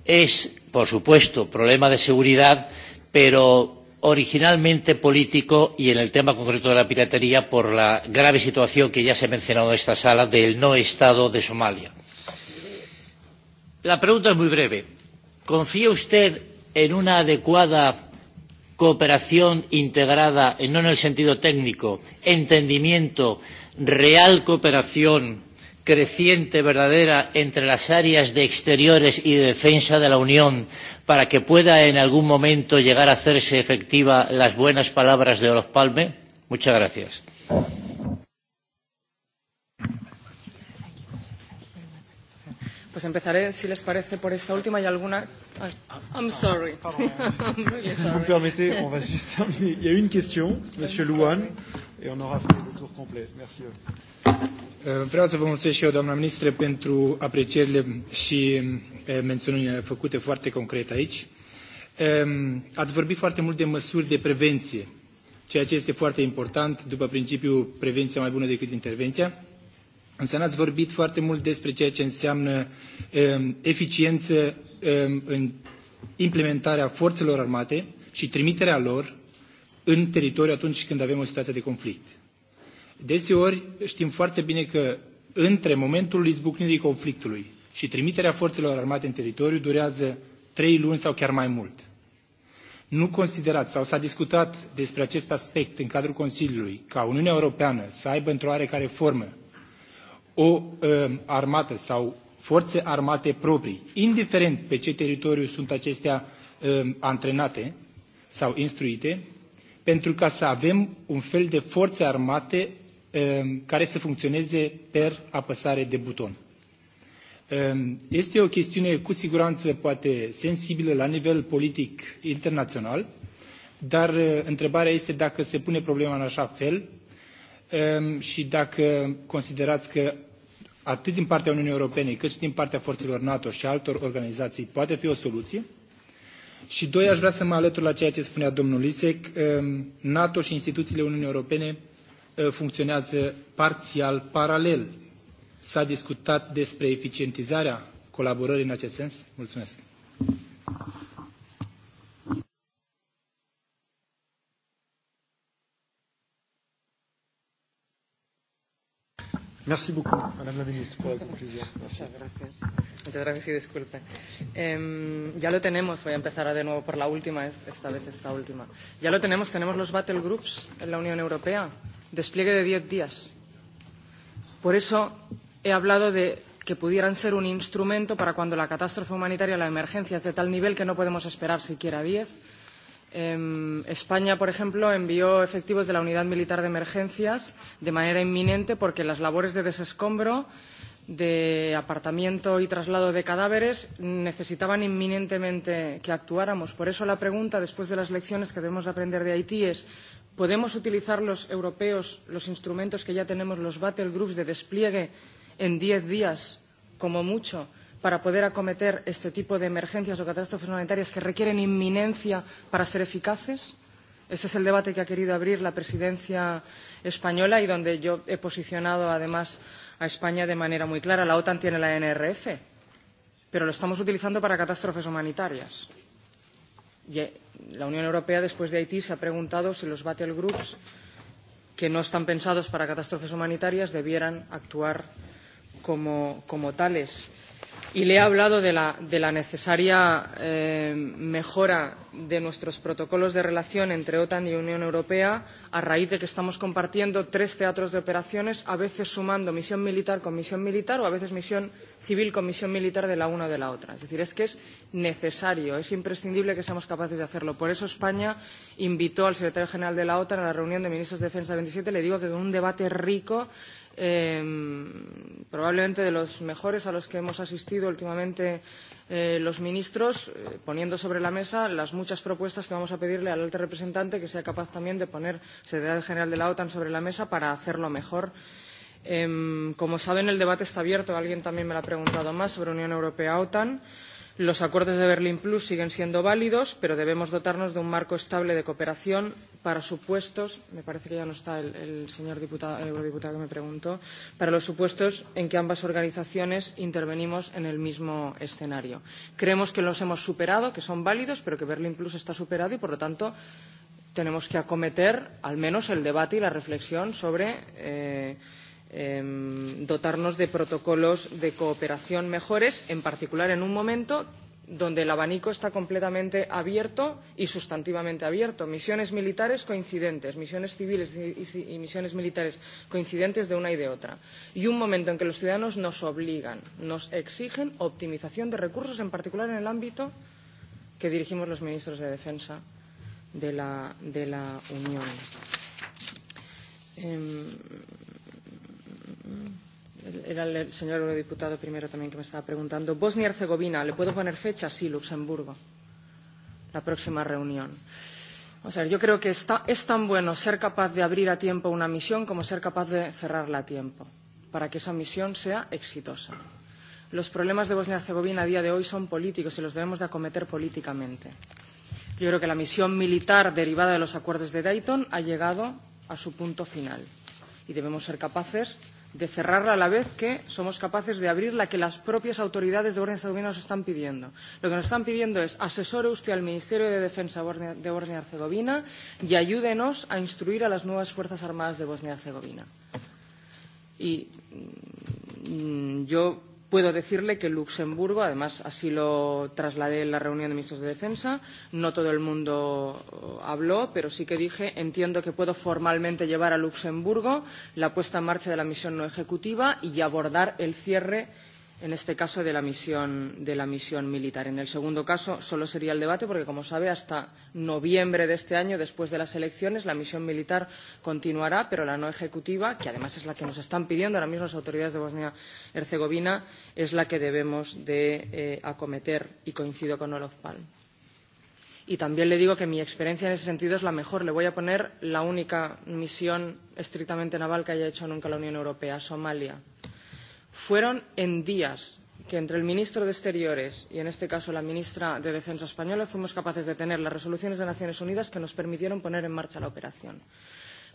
es, por supuesto, problema de seguridad, pero originalmente político y en el tema concreto de la piratería por la grave situación que ya se ha mencionado en esta sala del no Estado de Somalia. La pregunta es muy breve. ¿Confía usted en una adecuada cooperación integrada, eh, no en el sentido técnico, entendimiento, real cooperación creciente, verdadera, entre las áreas de exteriores y de defensa de la Unión para que pueda en algún momento llegar a hacerse efectiva las buenas palabras de Olof Palme? Muchas gracias. Pues empezaré, si les parece, por esta última y alguna. I'm sorry. Ah, si vous me permettez, on va juste terminer. Il y a une question, Monsieur Luan, et on aura fait le tour complet. Merci. Euh, vreau să vă mulțumesc și eu, doamna ministră, pentru aprecierile și eh, mențiunile făcute foarte concret aici. Eh, ați vorbit foarte mult de măsuri de prevenție, ceea ce este foarte important, după principiul prevenția mai bună decât intervenția. Însă n-ați vorbit foarte mult despre ceea ce înseamnă um, eficiență um, în implementarea forțelor armate și trimiterea lor în teritoriu atunci când avem o situație de conflict. Deseori știm foarte bine că între momentul izbucnirii conflictului și trimiterea forțelor armate în teritoriu durează trei luni sau chiar mai mult. Nu considerați sau s-a discutat despre acest aspect în cadrul Consiliului ca Uniunea Europeană să aibă într-o oarecare formă o um, armată sau forțe armate proprii, indiferent pe ce teritoriu sunt acestea um, antrenate sau instruite, pentru ca să avem un fel de forțe armate um, care să funcționeze per apăsare de buton. Este o chestiune cu siguranță poate sensibilă la nivel politic internațional, dar uh, întrebarea este dacă se pune problema în așa fel Ehm, și dacă considerați că atât din partea Uniunii Europene, cât și din partea forțelor NATO și altor organizații poate fi o soluție. Și doi, aș vrea să mă alătur la ceea ce spunea domnul Lisek. Ehm, NATO și instituțiile Uniunii Europene e, funcționează parțial paralel. S-a discutat despre eficientizarea colaborării în acest sens? Mulțumesc. Merci beaucoup, Madame la Ministra, por la conclusión. Muchas gracias. Muchas gracias y disculpe. Eh, ya lo tenemos, voy a empezar de nuevo por la última, esta vez esta última. Ya lo tenemos, tenemos los battle groups en la Unión Europea, despliegue de 10 días. Por eso he hablado de que pudieran ser un instrumento para cuando la catástrofe humanitaria, la emergencia es de tal nivel que no podemos esperar siquiera 10 Eh, España, por ejemplo, envió efectivos de la Unidad Militar de Emergencias de manera inminente porque las labores de desescombro, de apartamiento y traslado de cadáveres necesitaban inminentemente que actuáramos. Por eso la pregunta, después de las lecciones que debemos de aprender de Haití, es ¿podemos utilizar los europeos los instrumentos que ya tenemos, los battle groups de despliegue en diez días, como mucho? para poder acometer este tipo de emergencias o catástrofes humanitarias que requieren inminencia para ser eficaces? Este es el debate que ha querido abrir la presidencia española y donde yo he posicionado además a España de manera muy clara. La OTAN tiene la NRF, pero lo estamos utilizando para catástrofes humanitarias. Y eh, la Unión Europea, después de Haití, se ha preguntado si los battlegroups que no están pensados para catástrofes humanitarias debieran actuar como, como tales y le he hablado de la, de la necesaria eh, mejora de nuestros protocolos de relación entre OTAN y Unión Europea a raíz de que estamos compartiendo tres teatros de operaciones, a veces sumando misión militar con misión militar o a veces misión civil con misión militar de la una o de la otra. Es decir, es que es necesario, es imprescindible que seamos capaces de hacerlo. Por eso España invitó al secretario general de la OTAN a la reunión de ministros de Defensa 27, le digo que con un debate rico eh, probablemente de los mejores a los que hemos asistido últimamente eh, los ministros, eh, poniendo sobre la mesa las muchas propuestas que vamos a pedirle al alto representante que sea capaz también de poner Secretaría General de la OTAN sobre la mesa para hacerlo mejor. Eh, como saben, el debate está abierto. Alguien también me lo ha preguntado más sobre Unión Europea-OTAN. Eh, los acuerdos de berlín plus siguen siendo válidos pero debemos dotarnos de un marco estable de cooperación para supuestos me parece que ya no está el, el señor diputado, el eurodiputado que me preguntó para los supuestos en que ambas organizaciones intervenimos en el mismo escenario. creemos que los hemos superado que son válidos pero que berlín plus está superado y por lo tanto tenemos que acometer al menos el debate y la reflexión sobre eh, dotarnos de protocolos de cooperación mejores, en particular en un momento donde el abanico está completamente abierto y sustantivamente abierto. Misiones militares coincidentes, misiones civiles y misiones militares coincidentes de una y de otra. Y un momento en que los ciudadanos nos obligan, nos exigen optimización de recursos, en particular en el ámbito que dirigimos los ministros de Defensa de la, de la Unión. Eh, Era el señor eurodiputado primero también que me estaba preguntando. Bosnia y Herzegovina, ¿le puedo poner fecha? Sí, Luxemburgo. La próxima reunión. O sea, yo creo que está, es tan bueno ser capaz de abrir a tiempo una misión como ser capaz de cerrarla a tiempo, para que esa misión sea exitosa. Los problemas de Bosnia y Herzegovina a día de hoy son políticos y los debemos de acometer políticamente. Yo creo que la misión militar derivada de los acuerdos de Dayton ha llegado a su punto final y debemos ser capaces de cerrarla a la vez que somos capaces de abrirla, que las propias autoridades de Bosnia y Herzegovina nos están pidiendo. Lo que nos están pidiendo es asesore usted al Ministerio de Defensa de Bosnia y Herzegovina y ayúdenos a instruir a las nuevas Fuerzas Armadas de Bosnia y Herzegovina. Y mmm, yo puedo decirle que Luxemburgo, además así lo trasladé en la reunión de ministros de defensa, no todo el mundo eh, habló, pero sí que dije entiendo que puedo formalmente llevar a Luxemburgo la puesta en marcha de la misión no ejecutiva y abordar el cierre de en este caso de la misión de la misión militar. En el segundo caso solo sería el debate porque como sabe hasta noviembre de este año después de las elecciones la misión militar continuará pero la no ejecutiva que además es la que nos están pidiendo ahora mismo las autoridades de Bosnia Herzegovina es la que debemos de eh, acometer y coincido con Olof Palm. Y también le digo que mi experiencia en ese sentido es la mejor. Le voy a poner la única misión estrictamente naval que haya hecho nunca la Unión Europea, Somalia fueron en días que entre el ministro de Exteriores y, en este caso, la ministra de Defensa española fuimos capaces de tener las resoluciones de Naciones Unidas que nos permitieron poner en marcha la operación.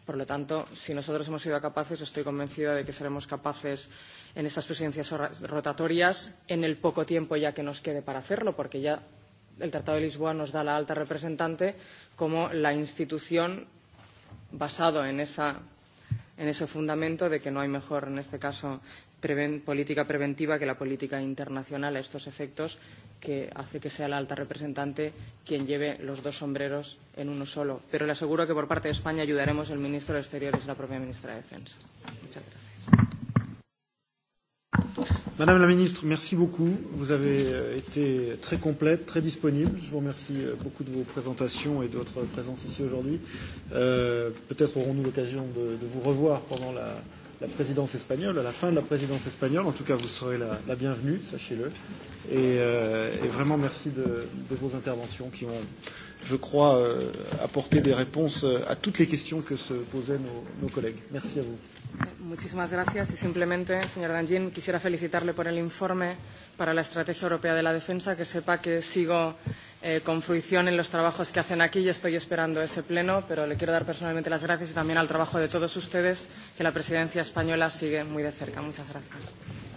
Por lo tanto, si nosotros hemos sido capaces, estoy convencida de que seremos capaces en estas presidencias rotatorias en el poco tiempo ya que nos quede para hacerlo, porque ya el Tratado de Lisboa nos da la alta representante como la institución basado en esa en ese fundamento de que no hay mejor, en este caso, preven política preventiva que la política internacional a estos efectos, que hace que sea la alta representante quien lleve los dos sombreros en uno solo. Pero le aseguro que por parte de España ayudaremos el ministro de Exteriores y la propia ministra de Defensa. Muchas gracias. Madame la Ministre, merci beaucoup. Vous avez euh, été très complète, très disponible. Je vous remercie euh, beaucoup de vos présentations et de votre présence ici aujourd'hui. Euh, Peut-être aurons-nous l'occasion de, de vous revoir pendant la, la présidence espagnole, à la fin de la présidence espagnole. En tout cas, vous serez la, la bienvenue, sachez-le. Et, euh, et vraiment, merci de, de vos interventions qui ont je crois, euh, apporter des réponses euh, à toutes les questions que se posaient nos, nos collègues. Merci à vous. Muchísimas gracias. Y simplemente, señor Danjin, quisiera felicitarle por el informe para la Estrategia Europea de la Defensa. Que sepa que sigo eh, con fruición en los trabajos que hacen aquí y estoy esperando ese pleno, pero le quiero dar personalmente las gracias y también al trabajo de todos ustedes, que la presidencia española sigue muy de cerca. Muchas gracias.